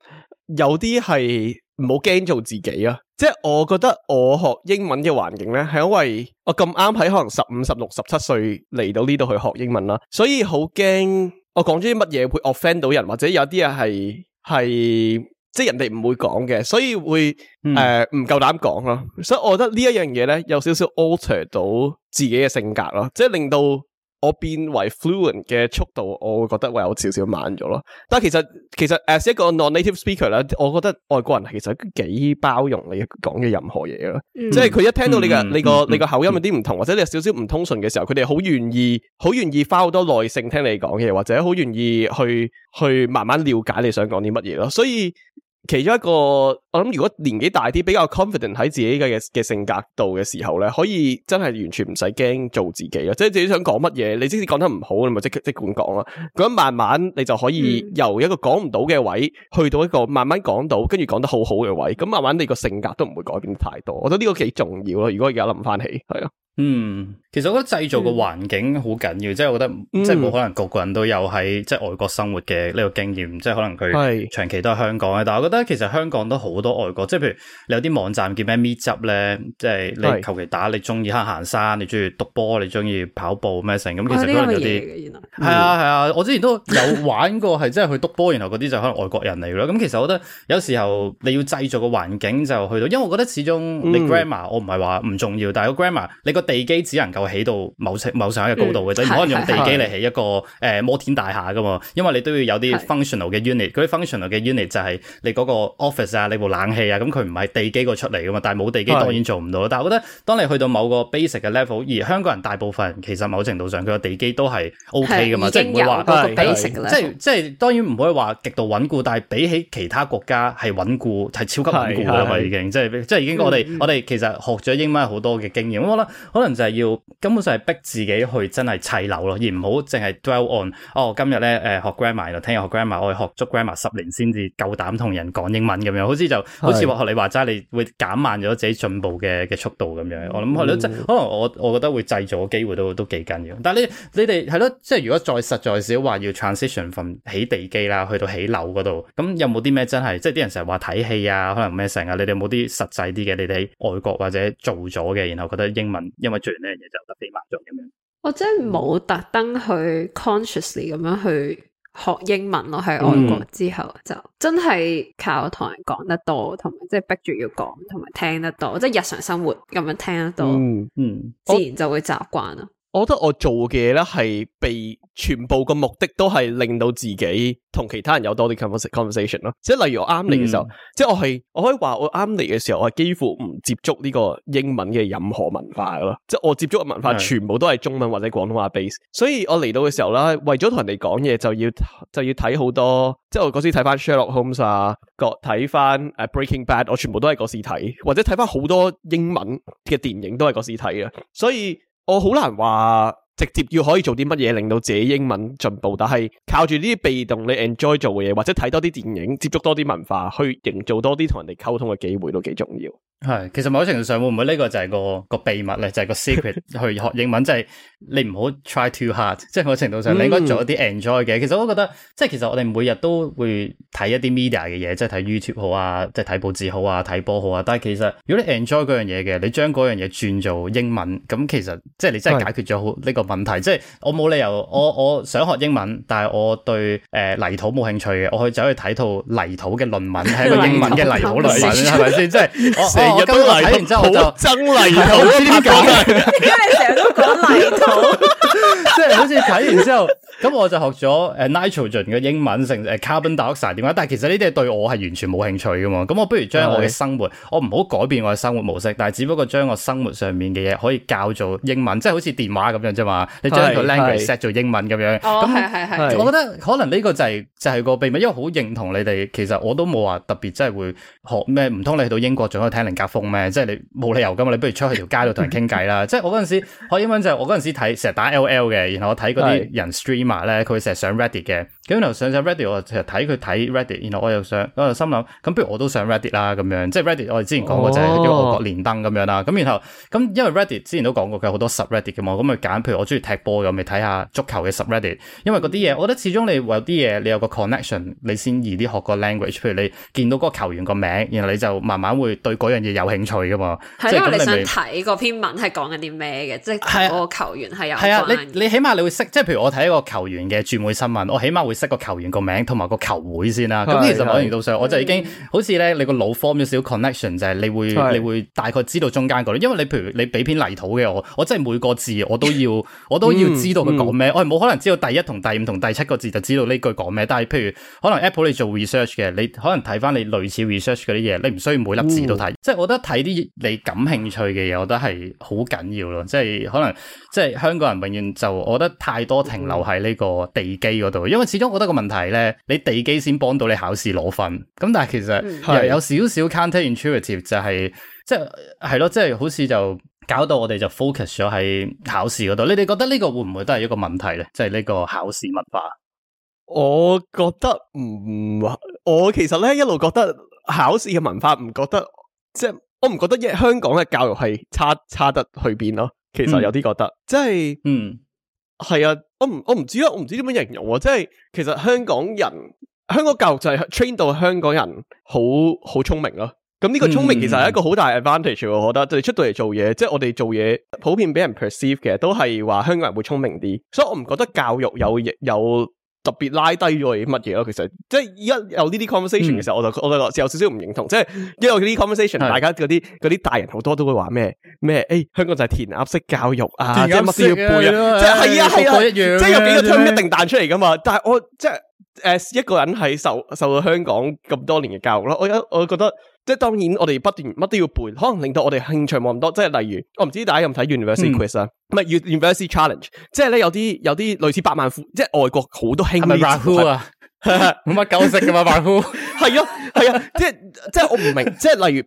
有啲係唔好驚做自己啊，即係我覺得我學英文嘅環境咧，係因為我咁啱喺可能十五、十六、十七歲嚟到呢度去學英文啦、啊，所以好驚我講咗啲乜嘢會 offend 到人，或者有啲人係係即係人哋唔會講嘅，所以會誒唔夠膽講咯，所以我覺得呢一樣嘢咧有少少 alter 到自己嘅性格咯、啊，即係令到。我變為 fluent 嘅速度，我會覺得會有少少慢咗咯。但係其實其實 as 一個 non-native speaker 咧，我覺得外國人其實幾包容你講嘅任何嘢咯。嗯、即係佢一聽到你嘅、嗯、你個你個、嗯、口音有啲唔同，或者你有少少唔通順嘅時候，佢哋好願意好願意花好多耐性聽你講嘢，或者好願意去去慢慢了解你想講啲乜嘢咯。所以。其中一個，我諗如果年紀大啲，比較 confident 喺自己嘅嘅性格度嘅時候咧，可以真係完全唔使驚做自己咯，即係自己想講乜嘢，你即使講得唔好，你咪即即管講咯。咁慢慢你就可以由一個講唔到嘅位，去到一個慢慢講到，跟住講得好好嘅位。咁慢慢你個性格都唔會改變太多。我覺得呢個幾重要咯。如果而家諗翻起，係啊。嗯，其實我覺得製造嘅環境好緊要，即係我覺得即係冇可能個個人都有喺即係外國生活嘅呢個經驗，即係可能佢長期都喺香港嘅。但係我覺得其實香港都好多外國，即係譬如你有啲網站叫咩 Meetup 咧，即係你求其打你中意，可能行山，你中意篤波，你中意跑步咩剩咁，其實可能有啲嘅。原來係啊係啊，我之前都有玩過，係即係去篤波，然後嗰啲就可能外國人嚟咯。咁其實我覺得有時候你要製造個環境就去到，因為我覺得始終你 grammar 我唔係話唔重要，但係個 grammar 你地基只能夠起到某層某上一個高度嘅啫，唔可能用地基嚟起一個誒摩天大廈噶嘛，因為你都要有啲 functional 嘅 unit，嗰啲 functional 嘅 unit 就係你嗰個 office 啊，你部冷氣啊，咁佢唔係地基個出嚟噶嘛，但係冇地基當然做唔到咯。但係我覺得當你去到某個 basic 嘅 level，而香港人大部分人其實某程度上佢個地基都係 OK 噶嘛，即係唔會話都係，即係即係當然唔可以話極度穩固，但係比起其他國家係穩固係超級穩固噶嘛，已經即係即係已經我哋我哋其實學咗英文好多嘅經驗，我覺得。可能就係要根本上係逼自己去真係砌樓咯，而唔好淨係 dwell on。哦，今日咧誒學 grammar，聽日學 grammar，我學足 grammar 十年先至夠膽同人講英文咁樣，好似就是好似學你話齋，你會減慢咗自己進步嘅嘅速度咁樣。我諗係咯，即係可能我我覺得會製造機會都都幾緊要。但係你你哋係咯，即係如果再實在少話要 transition 份起地基啦，去到起樓嗰度，咁有冇啲咩真係即係啲人成日話睇戲啊，可能咩成啊？你哋有冇啲實際啲嘅？你哋喺外國或者做咗嘅，然後覺得英文？因為最完嘢就得別麻煩咁樣，我真係冇特登去 consciously 咁樣去學英文咯。喺外國之後就，嗯、就真係靠同人講得多，同埋即係逼住要講，同埋聽得多，即係日常生活咁樣聽得多，嗯嗯，嗯自然就會習慣咯。我覺得我做嘅嘢係被全部嘅目的都係令到自己同其他人有多啲 conversation 咯，即係例如我啱嚟嘅時候，嗯、即係我係我可以話我啱嚟嘅時候，我係幾乎唔接觸呢個英文嘅任何文化咯，即係我接觸嘅文化全部都係中文或者廣東話 base，、嗯、所以我嚟到嘅時候啦，為咗同人哋講嘢就要就要睇好多，即係我嗰時睇翻 Sherlock Holmes 啊，個睇翻誒 Breaking Bad，我全部都係嗰時睇，或者睇翻好多英文嘅電影都係嗰時睇嘅。所以。我好難話直接要可以做啲乜嘢令到自己英文進步，但係靠住呢啲被動你 enjoy 做嘅嘢，或者睇多啲電影，接觸多啲文化，去營造多啲同人哋溝通嘅機會都幾重要。係，其實某程度上會唔會呢個就係個個秘密咧？就係、是、個 secret [laughs] 去學英文，即係。你唔好 try too hard，即係某程度上，你應該做一啲 enjoy 嘅。其實我覺得，即係其實我哋每日都會睇一啲 media 嘅嘢，即係睇 YouTube 好啊，即係睇報紙好啊，睇波好啊。但係其實如果你 enjoy 嗰樣嘢嘅，你將嗰樣嘢轉做英文，咁其實即係你真係解決咗好呢個問題。即係我冇理由，我我想學英文，但係我對誒泥土冇興趣嘅，我去走去睇套泥土嘅論文，係一個英文嘅泥土類文，係咪先？即係成日都睇完之後我就憎泥土呢啲咁，你成日都講泥 [laughs] 即係好似睇完之後，咁 [laughs] 我就學咗誒、uh,，Nitrogen 嘅英文成誒、uh,，Carbon dioxide 點，但係其實呢啲係對我係完全冇興趣噶嘛。咁我不如將我嘅生活，是我唔好改變我嘅生活模式，但係只不過將我生活上面嘅嘢可以教做英文，即係好似電話咁樣啫嘛。你將個 language set 做英文咁樣，咁，我覺得可能呢個就係、是、就係、是、個秘密，因為好認同你哋。其實我都冇話特別即係會學咩，唔通你去到英國仲可以聽林格風咩？即係你冇理由噶嘛。你不如出去條街度同人傾偈啦。即係 [laughs] [laughs] 我嗰陣時學英文就係我陣時睇。係成日打 l l 嘅，然後我睇嗰啲人 streamer 咧，佢成日上 Reddit 嘅，咁然後上上 Reddit 我成日睇佢睇 Reddit，然後我又想我又心諗，咁不如我都上 Reddit 啦咁樣，即係 Reddit 我哋之前講過就係叫個外國連登咁樣啦，咁然後咁因為 Reddit 之前都講過佢好多 subReddit 嘅嘛，咁咪揀譬如我中意踢波咁咪睇下足球嘅 subReddit 因為嗰啲嘢我覺得始終你有啲嘢你有個 connection 你先易啲學個 language，譬如你見到嗰個球員個名，然後你就慢慢會對嗰樣嘢有興趣噶嘛，係是是因為樣你,你想睇嗰篇文係講緊啲咩嘅，即係嗰個球員、啊。係啊，你你起碼你會識，即係譬如我睇一個球員嘅轉會新聞，我起碼會識個球員個名同埋個球會先啦，啊。咁是是 其實某程度上，我就已經、嗯、好似咧，你個腦 form 咗少少 connection 就係，你會是是你會大概知道中間嗰啲。因為你譬如你俾篇泥土嘅我，我真係每個字我都要，我都要知道佢講咩。 [laughs] 嗯、我冇可能知道第一同第五同第七個字就知道呢句講咩。但係譬如可能 Apple 你做 research 嘅，你可能睇翻、你類似 research 嗰啲嘢，你唔需要每粒字都睇。嗯、即係我覺得睇啲你感興趣嘅嘢，我覺得係好緊要咯。即係可能即係。香港人永遠就我覺得太多停留喺呢個地基嗰度，因為始終我覺得個問題咧，你地基先幫到你考試攞分。咁但係其實有少少 counter intuitive 就係即係係咯，即係好似就搞到我哋就 focus 咗喺考試嗰度。你哋覺得呢個會唔會都係一個問題咧？即係呢個考試文化，我覺得唔，我其實咧一路覺得考試嘅文化唔覺得，即係我唔覺得香港嘅教育係差差得去邊咯。其實有啲覺得，即係，嗯，係啊，我唔我唔知啊，我唔知點樣形容，即係其實香港人，香港教育就係 train 到香港人好好聰明咯。咁呢個聰明其實係一個好大 advantage，我覺得，就係出到嚟做嘢，即係我哋做嘢普遍俾人 perceive 嘅都係話香港人會聰明啲，所以我唔覺得教育有有。特別拉低咗嘅乜嘢咯，其實即係而家有呢啲 conversation 嘅時候，我就我就有少少唔認同，即、就、係、是、因為啲 conversation 的大家嗰啲啲大人好多都會話咩咩，誒、欸、香港就係填鴨式教育啊，即係乜都要背啊，即係係啊，係啊，啊啊嗯嗯嗯、即係有幾個 term 一定彈出嚟噶嘛，但係我即係。誒，As 一個人喺受受咗香港咁多年嘅教育咯，我有我覺得，即係當然我哋不斷乜都要背，可能令到我哋興趣冇咁多。即係例如，我唔知大家有冇睇 University Quiz 啊？唔係 University Challenge，即係咧有啲有啲類似百萬富，即係外國好多。係咪 Raku 啊？冇乜交識噶嘛 Raku？係啊係啊，啊啊 [laughs] 即係即係我唔明，即係例如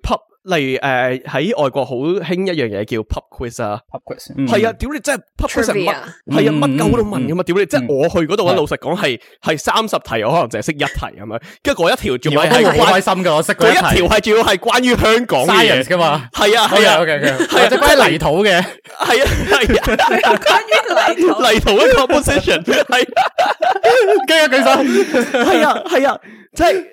例如誒喺外國好興一樣嘢叫 pub quiz 啊，pub quiz 係啊，屌你真係 pub quiz 成乜係啊乜鳩都問嘅嘛，屌你真係我去嗰度咧，老實講係係三十題，我可能淨係識一題咁樣，跟住嗰一條仲要係好開心㗎，我識嗰一條係仲要係關於香港嘅 science 㗎嘛，係啊，係啊，OK OK 係啊，關於泥土嘅，係啊，係啊，關於泥土泥土嘅 composition，係，跟住佢，係啊係啊，即係。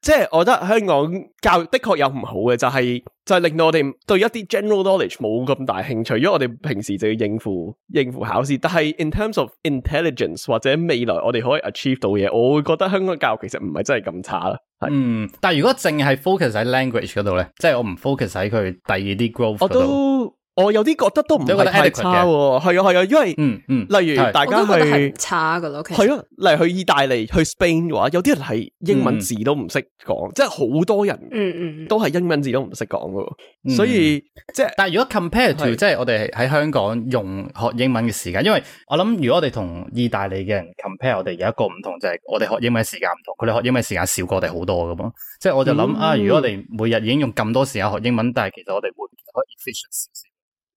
即係我覺得香港教育的確有唔好嘅，就係、是、就係令到我哋對一啲 general knowledge 冇咁大興趣，因為我哋平時就要應付應付考試。但係 in terms of intelligence 或者未來我哋可以 achieve 到嘢，我會覺得香港教育其實唔係真係咁差啦。嗯，但係如果淨係 focus 喺 language 嗰度咧，即係我唔 focus 喺佢第二啲 growth 度。我有啲覺得都唔係太差，係啊係啊，因為，嗯嗯，例如大家去差噶咯，其實係啊，例如去意大利去 Spain 嘅話，有啲人係英文字都唔識講，即係好多人，嗯嗯，都係英文字都唔識講噶，所以即係，但係如果 compare to，即係我哋喺香港用學英文嘅時間，因為我諗如果我哋同意大利嘅人 compare，我哋有一個唔同就係我哋學英文嘅時間唔同，佢哋學英文嘅時間少過我哋好多㗎嘛。即係我就諗啊，如果我哋每日已經用咁多時間學英文，但係其實我哋會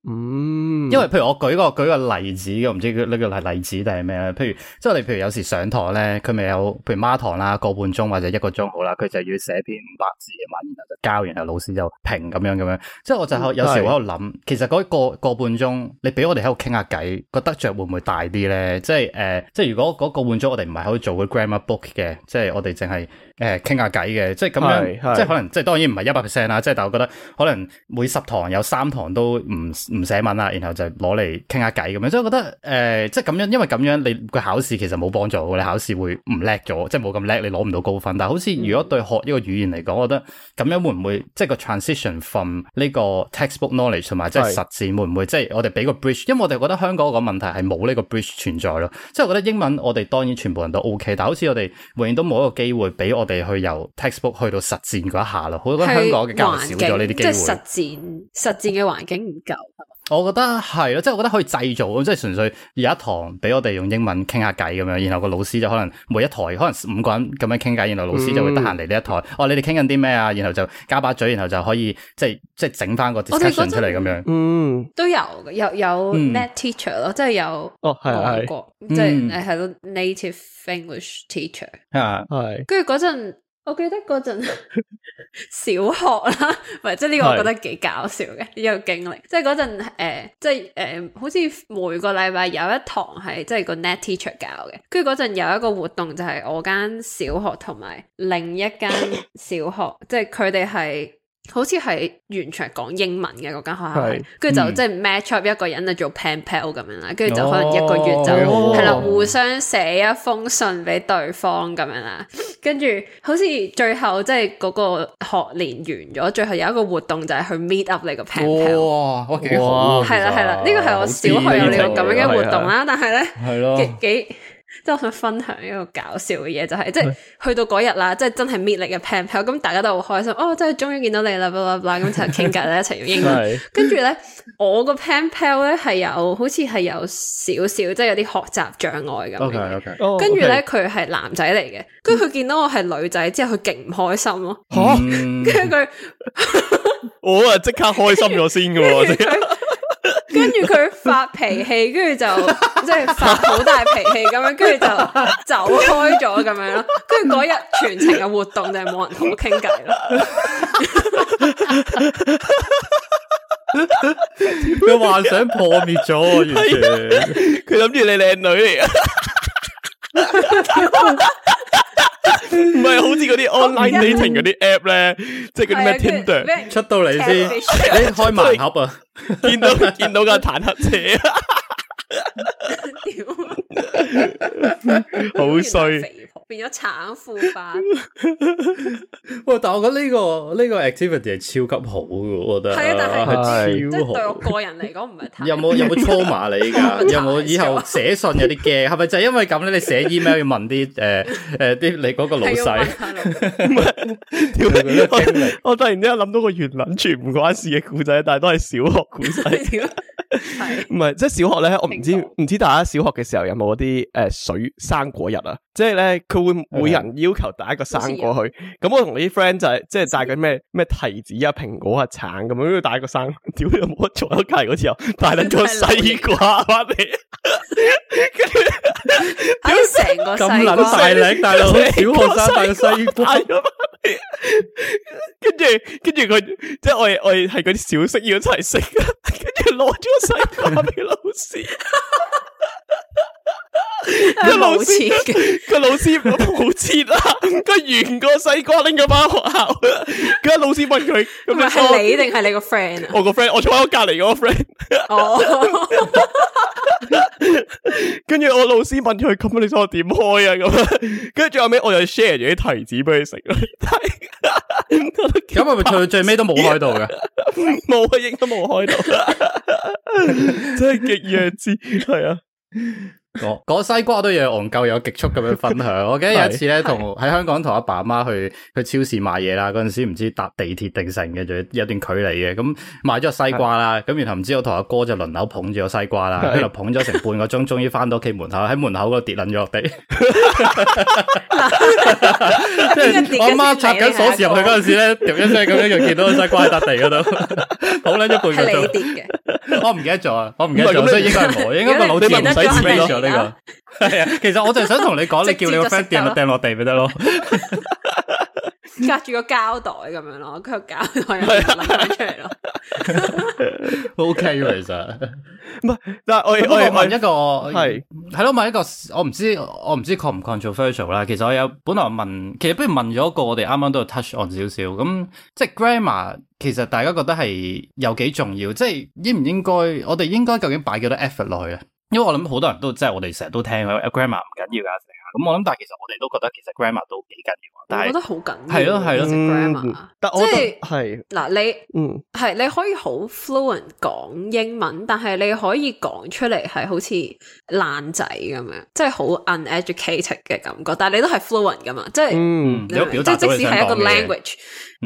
嗯，因為譬如我舉個舉個例子，我唔知呢個係例子定係咩咧？譬如即係你，譬如有時上堂咧，佢咪有譬如孖堂啦，個半鐘或者一個鐘好啦，佢就要寫篇五百字嘅文，然後就交，然後老師就評咁樣咁樣。即係我就有有時喺度諗，嗯、其實嗰、嗰個個是的 半鐘，你俾我哋喺度傾下偈，覺得着會唔會大啲咧？即係誒、呃，即係如果嗰個半鐘我哋唔係喺度做嗰 grammar book 嘅，即係我哋淨係。誒，傾下偈嘅，即係咁樣，即係可能，即係當然唔係一百 percent 啦，即係但係我覺得可能每十堂有三堂都唔唔寫文啦，然後就攞嚟傾下偈咁樣，所以我覺得誒，即係咁樣，因為咁樣你個考試其實冇幫助，你考試會唔叻咗，即係冇咁叻，你攞唔到高分。但係好似如果對學呢個語言嚟講，我覺得咁樣會唔會即係個 transition from 呢個 textbook knowledge 同埋即係實戰會唔會是即係我哋俾個 bridge？因為我哋覺得香港個問題係冇呢個 bridge 存在咯，即係我覺得英文我哋當然全部人都 ok，但好似我哋永遠都冇一個機會俾我。我哋去由 textbook 去到實戰嗰一下咯，好多香港嘅教育少咗呢啲機會。即係實戰，實戰嘅環境唔夠。我覺得係咯、就是，即係我覺得可以製造，即係純粹有一堂俾我哋用英文傾下偈咁樣，然後個老師就可能每一台可能五個人咁樣傾偈，然後老師就會得閒嚟呢一台，嗯、哦，你哋傾緊啲咩啊？然後就加把嘴，然後就可以即係即係整翻個 discussion 個出嚟咁樣。嗯，都有有有 native teacher 咯，嗯、即係有個個哦，係係，嗯、即係係咯 native。English teacher 係、啊，跟住嗰陣，我記得嗰陣 [laughs] 小學啦了，唔 [laughs] 即係呢個我覺得幾搞笑嘅一是個經歷。即係嗰陣即係誒、呃，好似每個禮拜有一堂係即係個 NET teacher 教嘅。跟住嗰陣有一個活動，就係我間小學同埋另一間小學， [coughs] 即係佢哋係。好似係完全講英文嘅嗰間學校，跟住、嗯、就即係 match up 一個人就做 pen pal 咁樣啦，跟住就可能一個月就係啦，互相寫一封信俾對方咁樣啦，跟住好似最後即係嗰個學年完咗，最後有一個活動就係去 meet up 你個 pen pal，哦喔那個幾好哇，這個、我好！係啦係啦，呢個係我小學有呢個咁樣嘅活動啦，的但係咧係咯幾幾。即係我想分享一個搞笑嘅嘢，就係即係去到嗰日啦，即、就、係、是、真係 meet 你嘅 pen pal，咁大家都好開心哦，真係終於見到你啦，咁就傾偈咧，一齊用英文。跟住咧，我個 pen pal 咧係有，好似係有少少，即係有啲學習障礙咁。O K O K，跟住咧佢係男仔嚟嘅，跟住佢見到我係女仔之、嗯、後，佢勁唔開心咯。跟住佢，我啊即刻開心咗先㗎喎。 [laughs] 跟住佢發脾氣，跟住就即係發好大脾氣咁樣，跟住就走開咗咁樣咯。跟住嗰日全程嘅活動就係冇人同我傾偈咯。佢幻想破滅咗，完全佢諗住你靚女嚟噶。 [laughs] [laughs] [laughs] [laughs] [laughs] 唔係好似嗰啲 online dating 嗰啲 app 咧，即係嗰啲咩 Tinder 出到嚟先，你開盲盒啊？見到見到個坦克車，屌，好衰。變咗產婦版，哇！ [laughs] 但係我覺得呢、呢個呢、呢個 activity 係超級好㗎，我覺得係啊，但係係超好對我個人嚟講唔係太有冇有冇 trauma 嚟㗎？有冇 [laughs] [laughs] 以後寫信有啲驚？係咪 [laughs] 就係因為咁咧？你寫 email 要問啲誒誒啲你嗰個老細？我突然之間諗到個原諗，全唔關事嘅故仔，但係都係小學故仔。 [laughs] [laughs] 係，唔係 [laughs] 即係小學咧，我唔知唔道知大家小學嘅時候有冇啲誒水生果日啊？即係咧，佢會每人要求帶一個生果去。咁我同啲 friend 就係即係帶緊咩咩提子啊、蘋果啊、橙咁樣，啊，要帶一個生。屌又冇坐得齊嗰時候，帶甩個西瓜嚟，屌成個咁撚大領大到小學生帶個西瓜，西瓜 [laughs] 跟住跟住佢即係我哋，我哋係嗰啲小食要一齊食。 [laughs] 攞咗 [laughs] 西瓜俾老師， [laughs] 個老師個老師唔好切啦，佢完個西瓜拎咗翻學校，佢阿老師問佢咁樣係你定係你個 friend 啊？我個 friend，我坐喺我隔籬嗰個 friend。哦，跟住我老師問佢咁你想我點開啊？咁，跟住最後尾我又 share 咗啲提子俾佢食。咁係咪最最尾都冇開到嘅？冇啊， [laughs] 應都冇開到， [laughs] 真係極弱智，係 [laughs] 啊。個西瓜都有憨鳩有極速咁樣分享。我記得有一次咧，同喺香港同阿爸阿媽去去超市買嘢啦。嗰陣時唔知搭地鐵定成嘅，仲有段距離嘅。咁買咗個西瓜啦。咁然後唔知我同阿哥就輪流捧住個西瓜啦，跟住捧咗成半個鐘，終於翻到屋企門口。喺門口嗰度跌撚咗落地。我阿媽插緊鎖匙入去嗰陣時咧，跌咗出嚟咁樣，就見到個西瓜喺笪地嗰度。好靚咗半個鐘。係你跌嘅。我唔記得咗啊，我唔記得咗，所以應該係我。應該我冇錢唔使錢咯。係啊，其實我就係想同你講， [laughs] 你叫你 [laughs] 個 friend 掟落掟落地咪得咯，隔住個膠袋咁樣咯，佢膠袋出嚟咯，OK 其實唔係， [laughs] 但係我但我,問我問一個係係咯，是問一個我唔知我唔知確唔 controversial 啦。其實我有本來問，其實不如問咗一個我哋啱啱都 touch on 少少咁，即係 grammar 其實大家覺得係有幾重要，即係應唔應該我哋應該究竟擺幾多 effort 落去咧？因為我諗好多人都即係我哋成日都聽 grammar 唔緊要㗎，咁我諗，但係其實我哋都覺得其實 grammar 都幾緊要，但係我覺得好緊要，係咯係咯 grammar，即係係嗱你嗯係你可以好 fluent 講英文，但係你可以講出嚟係好似爛仔咁樣，即係好 uneducated 嘅感覺，但係你都係 fluent 噶嘛，即係嗯即係即使係一個 language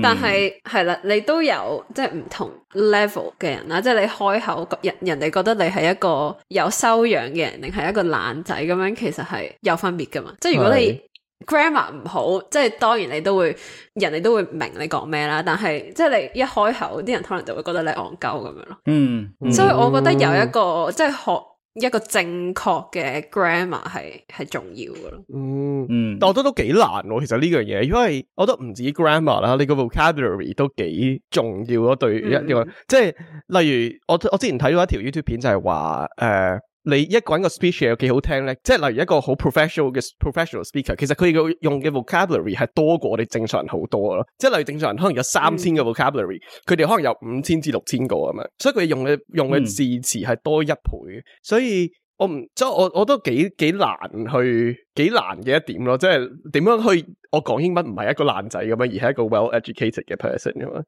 但係係啦，你都有即係唔同 level 嘅人啦，即係你開口人人哋覺得你係一個有修養嘅人，定係一個懶仔咁樣，其實係有分別噶嘛，即係如果你 grammar 唔好，即係當然你都會人哋都會明你講咩啦。但係即係你一開口，啲人可能就會覺得你戇鳩咁樣咯。嗯，嗯，所以我覺得有一個即係學。一個正確嘅 grammar 係係重要嘅咯，嗯，嗯，但我覺得都幾難、啊，其實呢樣嘢，因為我覺得唔止 grammar 啦，呢個 vocabulary 都幾重要咯、啊，對一個、嗯，即係例如我我之前睇到一條 YouTube 片就係話，誒、呃。你一個人個 s p e e c h r 幾好聽咧？即係例如一個好 professional 嘅 professional speaker，其實佢哋用嘅 vocabulary 係多過我哋正常人好多咯。即係例如正常人可能有三千個 vocabulary，佢哋可能有五千至六千個咁樣，所以佢用嘅用嘅字詞係多一倍。所以我唔即係我我都幾幾難去幾難嘅一點咯。即係點樣去我講英文唔係一個爛仔咁樣，而係一個 well educated 嘅 person 咁樣。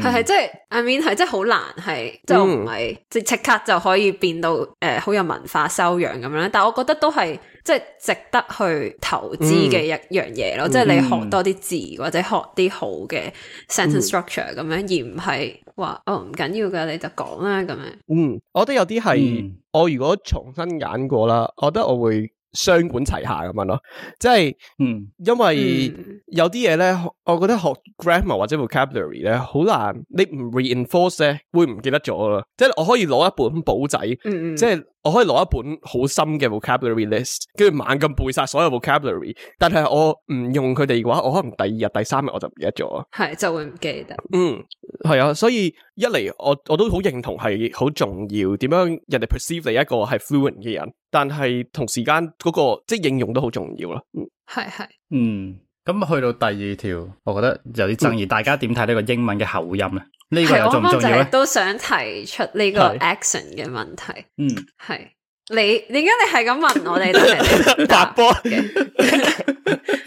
係係即係，I mean 係、就是嗯、即係好難，係就唔係即即刻就可以變到誒好有文化修養咁樣，但係我覺得都係即係值得去投資嘅一樣嘢咯，嗯、即係你學多啲字或者學啲好嘅 sentence structure 咁樣，而唔係話哦唔緊要噶，你就講啦咁樣。嗯，我覺得有啲係，嗯、我如果重新揀過啦，我覺得我會。雙管齊下咁樣咯，即係，嗯，因為有啲嘢咧，我覺得學 grammar 或者 vocabulary 咧，好難，你唔 reinforce 咧，會唔記得咗咯。即係我可以攞一本簿仔，嗯嗯，即係。我可以攞一本好深嘅 vocabulary list，跟住猛咁背晒所有 vocabulary，但係我唔用佢哋嘅話，我可能第二日、第三日我就唔記得咗。係就會唔記得。嗯，係啊，所以一嚟我我都好認同係好重要，點樣人哋 perceive 你一個係 fluent 嘅人，但係同時間嗰、那個即係應用都好重要囉。嗯，係係，嗯。咁去到第二條，我覺得有啲爭議。大家點睇呢個英文嘅口音咧？呢個有重唔重要咧？都想提出呢個 action 嘅問題。嗯，係你點解你係咁問我哋？ [music] 答波嘅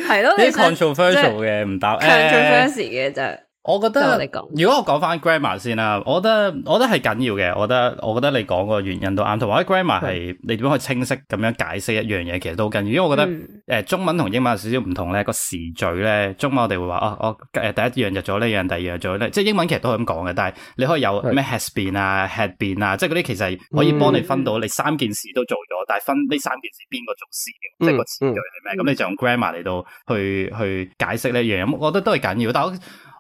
係咯，啲 controversial 嘅唔答 controversial 嘅就。我覺得你講，如果我講翻 grammar 先啦，我覺得我覺得係緊要嘅。我覺得我覺得，我覺得你講個原因都啱，同埋啲 grammar 係是你點樣去清晰咁樣解釋一樣嘢，其實都好緊要。因為我覺得誒、嗯呃、中文同英文有少少唔同咧，個時序咧，中文我哋會話哦、啊，我誒第一樣做咗呢樣，第二樣做咧，即係英文其實都係咁講嘅。但係你可以有咩 has been 啊，had been 啊，即係嗰啲其實可以幫你分到你三件事都做咗，嗯、但係分呢三件事邊個做事嘅，嗯、即係個時序係咩？咁、嗯嗯、你就用 grammar 嚟到去去解釋呢一樣，我覺得都係緊要。但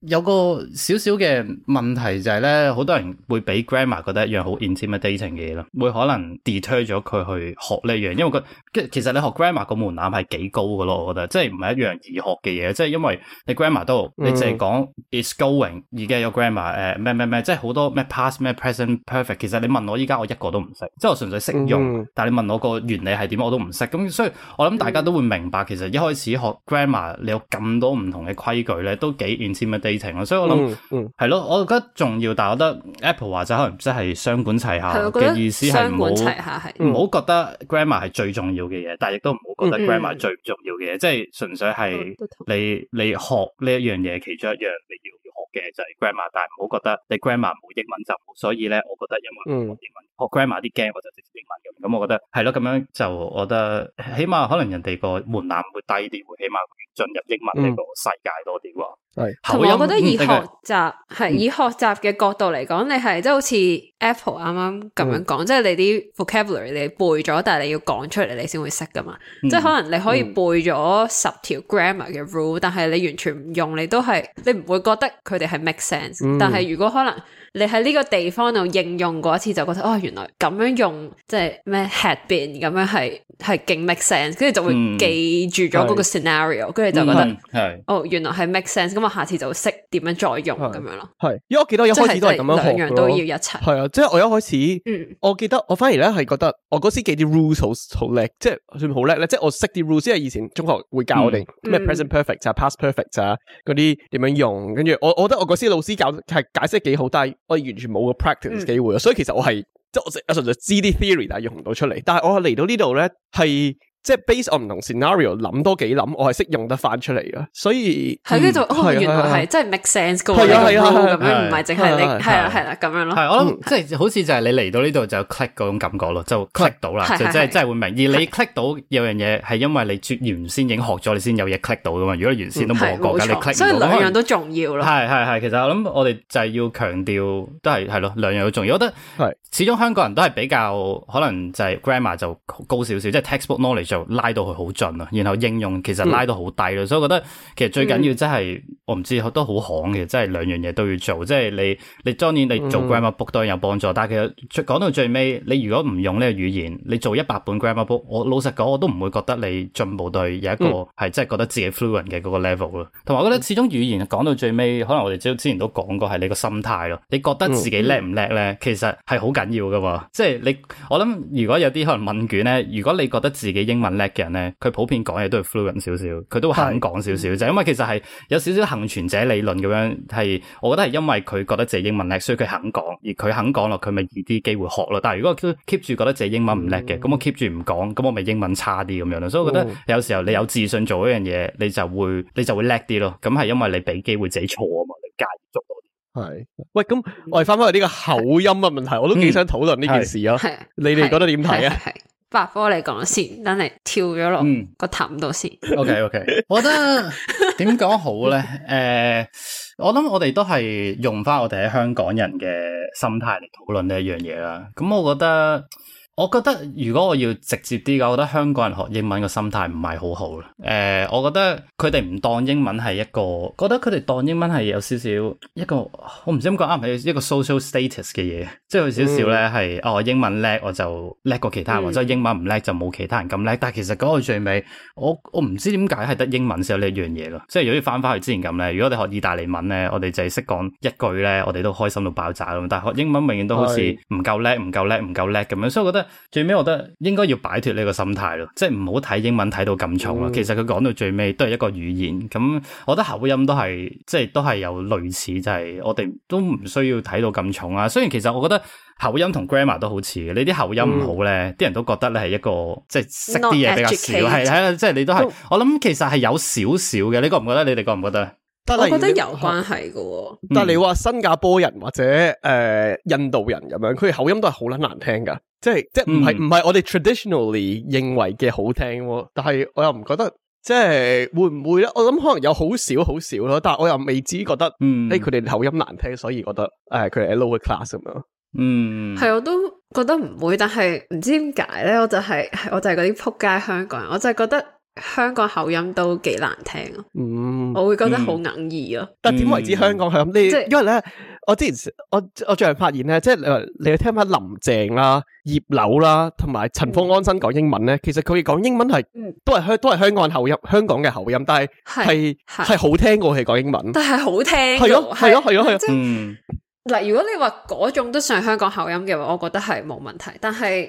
有個少少嘅問題就係咧，好多人會俾 grammar 覺得一樣好 intimidating 嘅嘢咯，會可能 deter 咗佢去學呢樣，因為佢其實你學 grammar 個門檻係幾高噶咯，我覺得即係唔係一樣易學嘅嘢，即係因為你 grammar 都你淨係講 is going 而家有 grammar 誒咩咩咩，即係好多咩 past 咩 present perfect，其實你問我依家我一個都唔識，即係我純粹識用，嗯、但係你問我個原理係點我都唔識，咁所以我諗大家都會明白，其實一開始學 grammar 你有咁多唔同嘅規矩咧，都幾 intimidating。所以我諗係咯，我覺得重要。但係我覺得 Apple 話就可能即係雙管齊下嘅、啊、意思，係唔好唔好覺得 grammar 係最重要嘅嘢，嗯、但係亦都唔好覺得 grammar 最唔重要嘅，嘢、嗯。即係純粹係你、嗯嗯、你，你學呢一樣嘢，其中一樣你要學嘅就係 grammar。但係唔好覺得你 grammar 冇英文就冇。所以咧，我覺得因為學英文學、嗯、grammar 啲 game，我就直接英文咁。咁我覺得係咯，咁樣就我覺得起碼可能人哋個門檻會低啲，起碼會起碼進入英文呢個世界多啲。嗯同埋我覺得以學習係以學習嘅角度嚟講，嗯、你係即係好似 Apple 啱啱咁樣講，即係、嗯、你啲 vocabulary 你背咗，但係你要講出嚟你先會識噶嘛。嗯、即係可能你可以背咗十條 grammar 嘅 rule，但係你完全唔用，你都係你唔會覺得佢哋係 make sense、嗯。但係如果可能你喺呢個地方度應用過一次，就覺得哦原來咁樣用即係、就、咩、是、had been 咁樣係係勁 make sense，跟住就會記住咗嗰個 scenario，跟住、嗯、就覺得係、嗯、哦原來係 make sense 咁。我下次就識點樣再用咁樣咯。係，因為我記得我一開始都係咁樣學咯。係啊，即係我一開始，嗯，我記得我反而咧，係覺得我嗰時記啲 rules 好好叻，即係算好叻咧。即係我識啲 rules，因為以前中學會教我哋咩、嗯、present perfect、嗯、啊，past perfect 啊，嗰啲點樣用。跟住我，我覺得我嗰時老師教係解釋得幾好，但係我完全冇個 practice 機會，嗯、所以其實我係即係我純粹知啲 theory，但係用唔到出嚟。但係我嚟到呢度咧，係。即係 base 我唔同 scenario 諗多幾諗，我係識用得翻出嚟嘅。所以喺呢度哦，原來係即係 make sense 噶，係啊係啊，咁樣唔係淨係你係啦係啦咁樣咯。係我諗即係好似就係你嚟到呢度就 click 嗰種感覺咯，就 click 到啦，就即係真係會明。而你 click 到有樣嘢係因為你原先已經學咗，你先有嘢 click 到噶嘛。如果原先都冇個㗎，你 click 所以兩樣都重要咯。係係係，其實我諗我哋就係要強調都係係咯兩樣都重要。我覺得係始終香港人都係比較可能就係 grammar 就高少少，即係 textbook knowledge。拉到佢好盡啊，然後應用其實拉到好低咯，嗯、所以我覺得其實最緊要真係我唔知都好行嘅，真係兩樣嘢都要做。即係你你，當，你當然你做 grammar book 當然有幫助，但係其實講到最尾，你如果唔用呢個語言，你做一百本 grammar book，我老實講我都唔會覺得你進步到有一個係即係覺得自己 fluent 嘅嗰個 level 咯。同埋我覺得始終語言講到最尾，可能我哋之之前都講過係你個心態咯，你覺得自己叻唔叻咧，其實係好緊要㗎喎。即係你我諗如果有啲可能問卷咧，如果你覺得自己英叻嘅人咧，佢普遍講嘢都係 flow 緊少少，佢都肯講少少，就係因為其實係有少少幸存者理論咁樣，係，我覺得係因為佢覺得自己英文叻，所以佢肯講，而佢肯講落，佢咪易啲機會學咯。但係如果 keep 住覺得自己英文唔叻嘅，咁我 keep 住唔講，咁我咪英文差啲咁樣咯。所以我覺得有時候你有自信做一樣嘢，你就會你就會叻啲咯。咁係因為你俾機會自己錯啊嘛，你介戒足多啲。係，喂，咁我哋翻返去呢個口音嘅問題，我都幾想討論呢件事咯，啊。係，你哋覺得點睇啊？百科嚟講先，等你跳咗落個潭度先。OK OK，我覺得點講好咧？誒， [laughs] uh, 我諗我哋都係用翻我哋喺香港人嘅心態嚟討論呢一樣嘢啦。咁、嗯、 [laughs] 我覺得。我覺得如果我要直接啲嘅，我覺得香港人學英文個心態唔係好好啦。誒、呃，我覺得佢哋唔當英文係一個，覺得佢哋當英文係有少少一個，我唔知點講，啱唔啱？一個 social status 嘅嘢，即係有少少咧係哦，英文叻我就叻過其他人，即係、嗯、英文唔叻就冇其他人咁叻。但係其實講到最尾，我我唔知點解係得英文先有呢一樣嘢咯。即係如果翻返去之前咁咧，如果你哋學意大利文咧，我哋就係識講一句咧，我哋都開心到爆炸咯。但係學英文永遠都好似唔夠叻，唔是夠叻，唔夠叻咁樣，所以我覺得。最尾我覺得應該要擺脫呢個心態咯，即係唔好睇英文睇到咁重咯。嗯、其實佢講到最尾都係一個語言，咁我覺得口音都係即係都係有類似，就係、是、我哋都唔需要睇到咁重啊。雖然其實我覺得口音同 Grammar 都好似嘅，你啲口音唔好咧，啲、嗯、人都覺得咧係一個即係識啲嘢比較少，係啊、嗯，即係、就是、你都係。都我諗其實係有少少嘅，你覺唔覺得？你哋覺唔覺得？但我覺得有關係噶、哦，但係你話新加坡人或者誒、呃、印度人咁樣，佢口音都係好撚難聽噶，即係即係唔係唔係我哋 traditionally 認為嘅好聽，但係我又唔覺得，即係會唔會咧？我諗可能有好少好少咯，但係我又未知覺得，嗯，誒、欸，佢哋口音難聽，所以覺得誒佢係 lower class 咁樣。嗯，係我都覺得唔會，但係唔知點解咧？我就係，我就係嗰啲撲街香港人，我就係覺得。香港口音都幾難聽，嗯，我會覺得好硬耳啊。但係點為之香港係咁咧？即係、嗯、因為咧，我之前我我最近發現咧，即係誒，你去聽下林鄭啦、啊、葉劉啦、啊，同埋陳方安生講英文咧，其實佢哋講英文係都係香都係香港口音，香港嘅口音，但係係係好聽嘅，係講英文，但係好聽係咯係咯係咯係咯，即係嗱，嗯，如果你話嗰種都算香港口音嘅話，我覺得係冇問題，但係。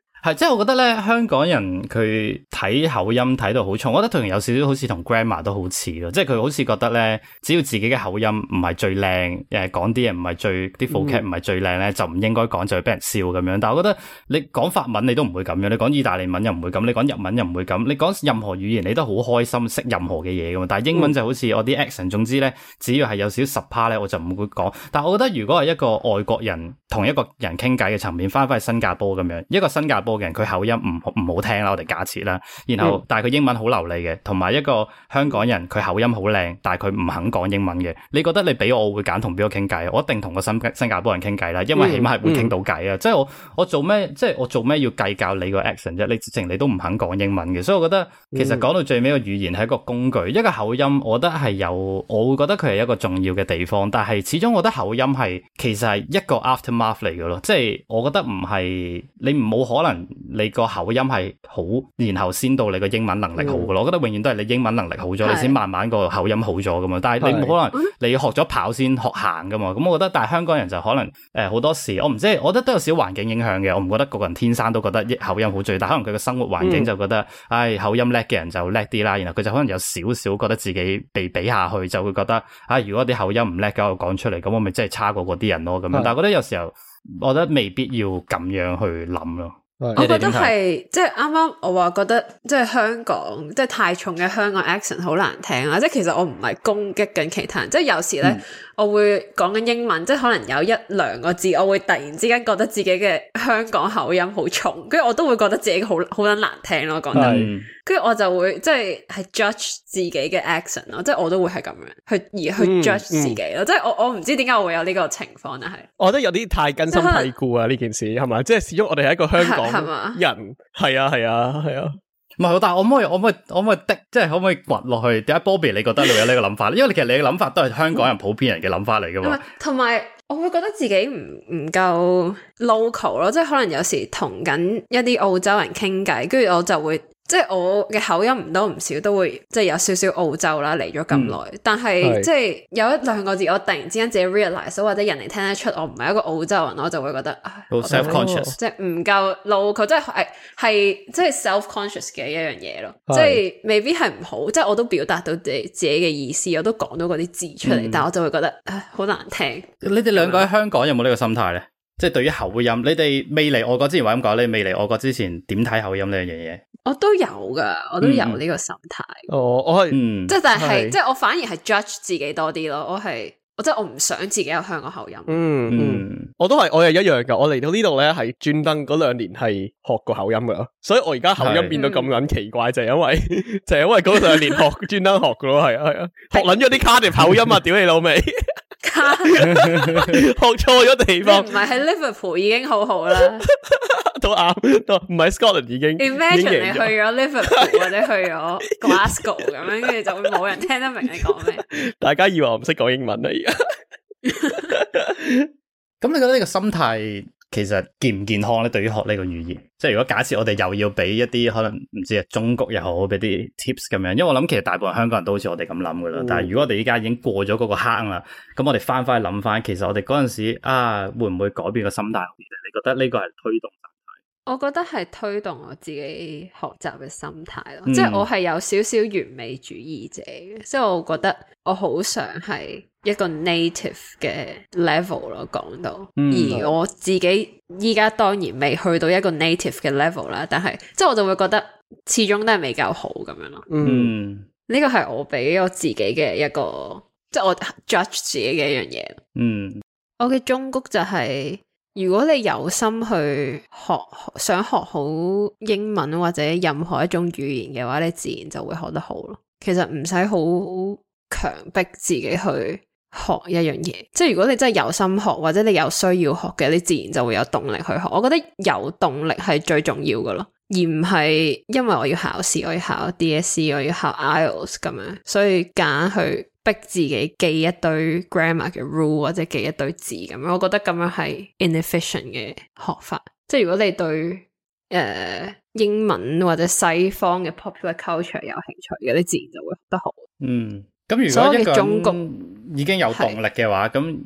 係，即係我覺得咧，香港人佢睇口音睇到好重，我覺得突然有少少好似同 grammar 都好似咯，即係佢好似覺得咧，只要自己嘅口音唔係最靚，誒講啲嘢唔係最啲 focus 唔係最靚咧，就唔應該講，就會俾人笑咁樣。但係我覺得你講法文你都唔會咁樣，你講意大利文又唔會咁，你講日文又唔會咁，你講任何語言你都好開心，識任何嘅嘢噶嘛。但係英文就好似我啲 action，總之咧，只要係有少少十 p a 咧，我就唔會講。但係我覺得如果係一個外國人同一個人傾偈嘅層面，翻返去新加坡咁樣，一個新加坡人佢口音唔唔好聽啦，我哋假設啦，然後但係佢英文好流利嘅，同埋一個香港人佢口音好靚，但係佢唔肯講英文嘅。你覺得你俾我，我會揀同邊個傾偈？我一定同個新新加坡人傾偈啦，因為起碼係會傾到偈啊。嗯嗯、即係我我做咩？即係我做咩要計較你個 action 啫？你直情你都唔肯講英文嘅，所以我覺得其實講到最尾嘅語言係一個工具，一個口音，我覺得係有我會覺得佢係一個重要嘅地方，但係始終我覺得口音係其實係一個 aftermath 嚟嘅咯。即係我覺得唔係你冇可能。你個口音係好，然後先到你個英文能力好噶，嗯、我覺得永遠都係你英文能力好咗，是你先慢慢個口音好咗噶嘛。但係你冇可能你學咗跑先學行噶嘛。咁、嗯嗯、我覺得，但係香港人就可能誒好、呃、多時，我唔知，我覺得都有少環境影響嘅。我唔覺得個人天生都覺得口音好最大，可能佢個生活環境就覺得，唉、嗯、哎、口音叻嘅人就叻啲啦。然後佢就可能有少少覺得自己被比下去，就會覺得啊、哎，如果啲口音唔叻嘅我講出嚟，咁我咪真係差過嗰啲人咯。咁樣，但係我覺得有時候我覺得未必要咁樣去諗咯。是我覺得係即係啱啱我話覺得即係香港即係太重嘅香港 accent 好難聽啊！即係其實我唔係攻擊緊其他人，即係有時咧、嗯、我會講緊英文，即係可能有一兩個字，我會突然之間覺得自己嘅香港口音好重，跟住我都會覺得自己好好難聽咯，講得。跟住我就會即係係 judge 自己嘅 action 咯，即係我都會係咁樣去而去 judge 自己咯，嗯嗯、即係我我唔知點解我會有呢個情況咧，係我覺得有啲太根深蒂固啊呢件事係咪？即係始終我哋係一個香港人，係啊係啊係啊，唔係、啊，啊、但係我可唔可以我可以我可以，即係可唔可以掘落去？點解 Bobby 你覺得你有呢個諗法咧？ [laughs] 因為其實你嘅諗法都係香港人普遍人嘅諗法嚟噶嘛，同埋我會覺得自己唔唔夠 local 咯，即係可能有時同緊一啲澳洲人傾偈，跟住我就會。即係我嘅口音唔多唔少，都會即係有少少澳洲啦，嚟咗咁耐。但係即係有一兩個字，我突然之間自己 realize，或者人哋聽得出我唔係一個澳洲人，我就會覺得好、哎、self-conscious，即係唔夠 local。即係係即係 self-conscious 嘅一樣嘢咯。即係是未必係唔好，即係我都表達到自己自己嘅意思，我都講到嗰啲字出嚟，嗯、但係我就會覺得好、哎、難聽。嗯、你哋兩個喺香港有冇呢個心態咧？即係對於口音，你哋未嚟我國之前話咁講，你未嚟我國之前點睇口音呢樣嘢？我都有噶，我都有呢個心態。哦，我係，即係但係，即係我反而係 judge 自己多啲咯。我係，我即係我唔想自己有香港口音，嗯。嗯嗯，我都係，我係一樣噶。我嚟到呢度咧，係專登嗰兩年係學過口音噶。所以我而家口音變到咁撚奇怪，是就係因為就係、是、因為嗰兩年學專登 [laughs] 學噶咯，係啊係啊，學捻咗啲卡地口音啊， [laughs] 屌你老味！學錯咗地方，唔係喺 Liverpool 已經好好啦，都啱，都唔係 Scotland 已經已經 Imagine，你去咗 Liverpool 或者去咗 Glasgow 咁樣，跟住就會冇人聽得明你講咩。大家以為我唔識講英文啊？而家，咁你覺得呢個心態？其實健唔健康咧？對於學呢個語言，即係如果假設我哋又要俾一啲可能唔知啊，中谷又好俾啲 tips 咁樣，因為我諗其實大部分香港人都好似我哋咁諗噶啦。嗯、但係如果我哋依家已經過咗嗰個坑啦，咁我哋翻翻去諗翻，其實我哋嗰陣時啊，會唔會改變個心態？你覺得呢個係推動我覺得係推動我自己學習嘅心態咯，嗯、即係我係有少少完美主義者，嘅，即係我覺得我好想係一個 native 嘅 level 咯，講到，嗯、而我自己依家當然未去到一個 native 嘅 level 啦，但係即係我就會覺得始終都係未夠好咁樣咯。嗯，呢個係我俾我自己嘅一個，即係我 judge 自己嘅一樣嘢。嗯，我嘅忠告就係、是。如果你有心去學，想學好英文或者任何一種語言嘅話，你自然就會學得好咯。其實唔使好強逼自己去學一樣嘢，即係如果你真係有心學，或者你有需要學嘅，你自然就會有動力去學。我覺得有動力係最重要嘅咯，而唔係因為我要考試，我要考 DSE，我要考 IELTS 咁樣，所以揀去。逼自己記一堆 grammar 嘅 rule 或者記一堆字咁樣，我覺得咁樣係 inefficient 嘅學法。即係如果你對誒、uh, 英文或者西方嘅 popular culture 有興趣嘅，你自然就會學得好。嗯，咁如果一個人已經有動力嘅話，咁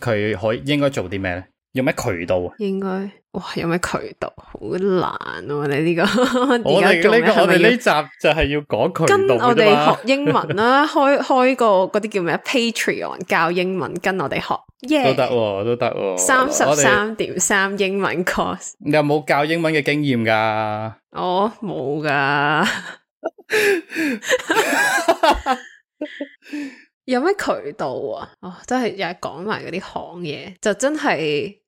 佢可應該做啲咩咧？嗯有咩渠道啊？應該哇，有咩渠道好難啊！你呢個，呢個，我哋呢集就係要講佢。跟我哋學英文啦，啊啊， [laughs] 開開個嗰啲叫咩 Patreon 教英文，跟我哋學，yeah, 都得喎，啊，都得喎，啊。三十三點三英文 course，你有冇教英文嘅經驗噶？我冇噶。有咩渠道啊？哦，真係又係講埋嗰啲行嘢，就真係。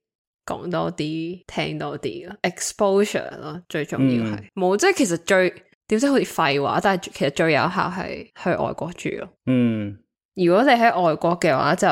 講多啲，聽多啲咯，exposure 咯，Exp 最重要係冇，即係、嗯、其實最點解好似廢話，但係其實最有效係去外國住咯。嗯，如果你喺外國嘅話，就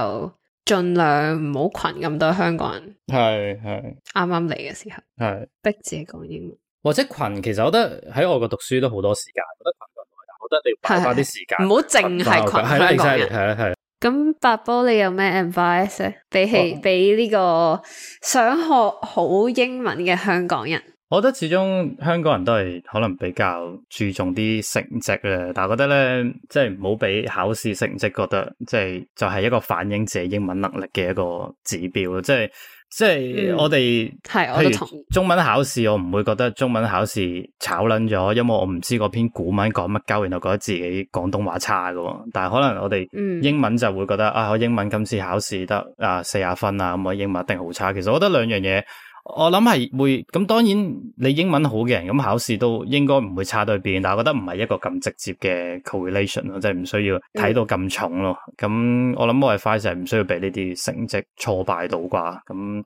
盡量唔好群咁多香港人。係係，啱啱嚟嘅時候係是逼自己講英文，或者群，其實我覺得喺外國讀書都好多時間，我覺得群咁耐，我覺得你要花翻啲時間，唔好淨係群，群對香港人係係。Exactly, 咁，八波你有咩 advice 咧？比起俾呢個想學好英文嘅香港人，我覺得始終香港人都係可能比較注重啲成績啦。但係覺得咧，即係唔好俾考試成績覺得，即係就係、是、一個反映自己英文能力嘅一個指標咯，即係。即係我哋，我、嗯、譬如中文考試，我唔會覺得中文考試炒捻咗，因為我唔知嗰篇古文講乜鳩，然後覺得自己廣東話差噶。但係可能我哋英文就會覺得、嗯、啊，我英文今次考試得啊四十分啊，咁我、啊、英文一定好差。其實我覺得兩樣嘢。我諗係會咁，當然你英文好嘅人，咁考試都應該唔會差到去邊。但係我覺得唔係一個咁直接嘅 correlation 咯，即係唔需要睇到咁重咯。咁我諗 f 係就係唔需要俾呢啲成績挫敗到啩咁。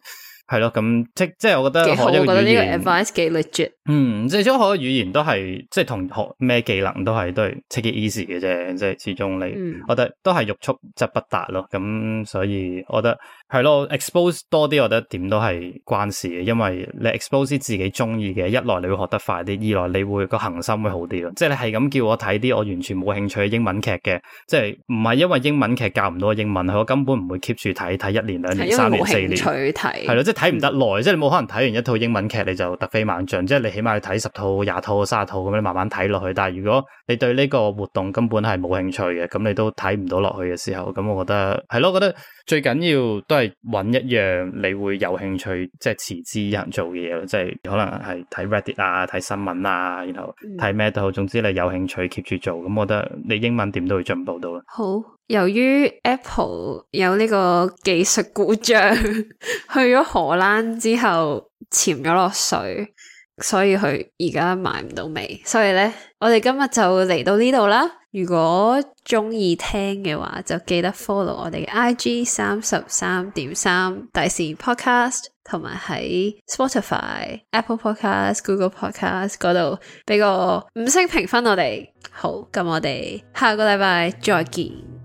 係咯，咁即即係我覺得我覺得呢個 advice 幾 legit，有有 [music] 嗯，最終學語言都係即係同學咩技能都係都係 take 嘅 easy 嘅啫，即係始終你，嗯、我覺得都係欲速則不達咯。咁所以我覺得係咯，expose 多啲，我覺得點都係關事嘅，因為你 expose 自己中意嘅，一來你會學得快啲，二來你會個恒心會好啲咯。即係你係咁叫我睇啲我完全冇興趣嘅英文劇嘅，即係唔係因為英文劇教唔到英文，我根本唔會 keep 住睇睇一年兩年三年四年，係咯看，即睇唔得耐，嗯、即係你冇可能睇完一套英文劇你就突飛猛進，即係你起碼要睇十套、廿套、三十套咁樣慢慢睇落去。但係如果你對呢個活動根本係冇興趣嘅，咁你都睇唔到落去嘅時候，咁我覺得係咯，我覺得最緊要都係揾一樣你會有興趣，即係持之以恆做嘢咯，即係可能係睇 Reddit 啊、睇新聞啊，然後睇咩都好，總之你有興趣 keep 住做，咁我覺得你英文點都會進步到啦。好。由於 Apple 有呢個技術故障， [laughs] 去咗荷蘭之後潛咗落水，所以佢而家買唔到尾。所以呢，我哋今日就嚟到呢度啦。如果中意聽嘅話，就記得 follow 我哋嘅 IG 三十三點三大事 Podcast，同埋喺 Spotify、Apple Podcast、Google Podcast 嗰度俾個五星評分我哋。好，咁我哋下個禮拜再見。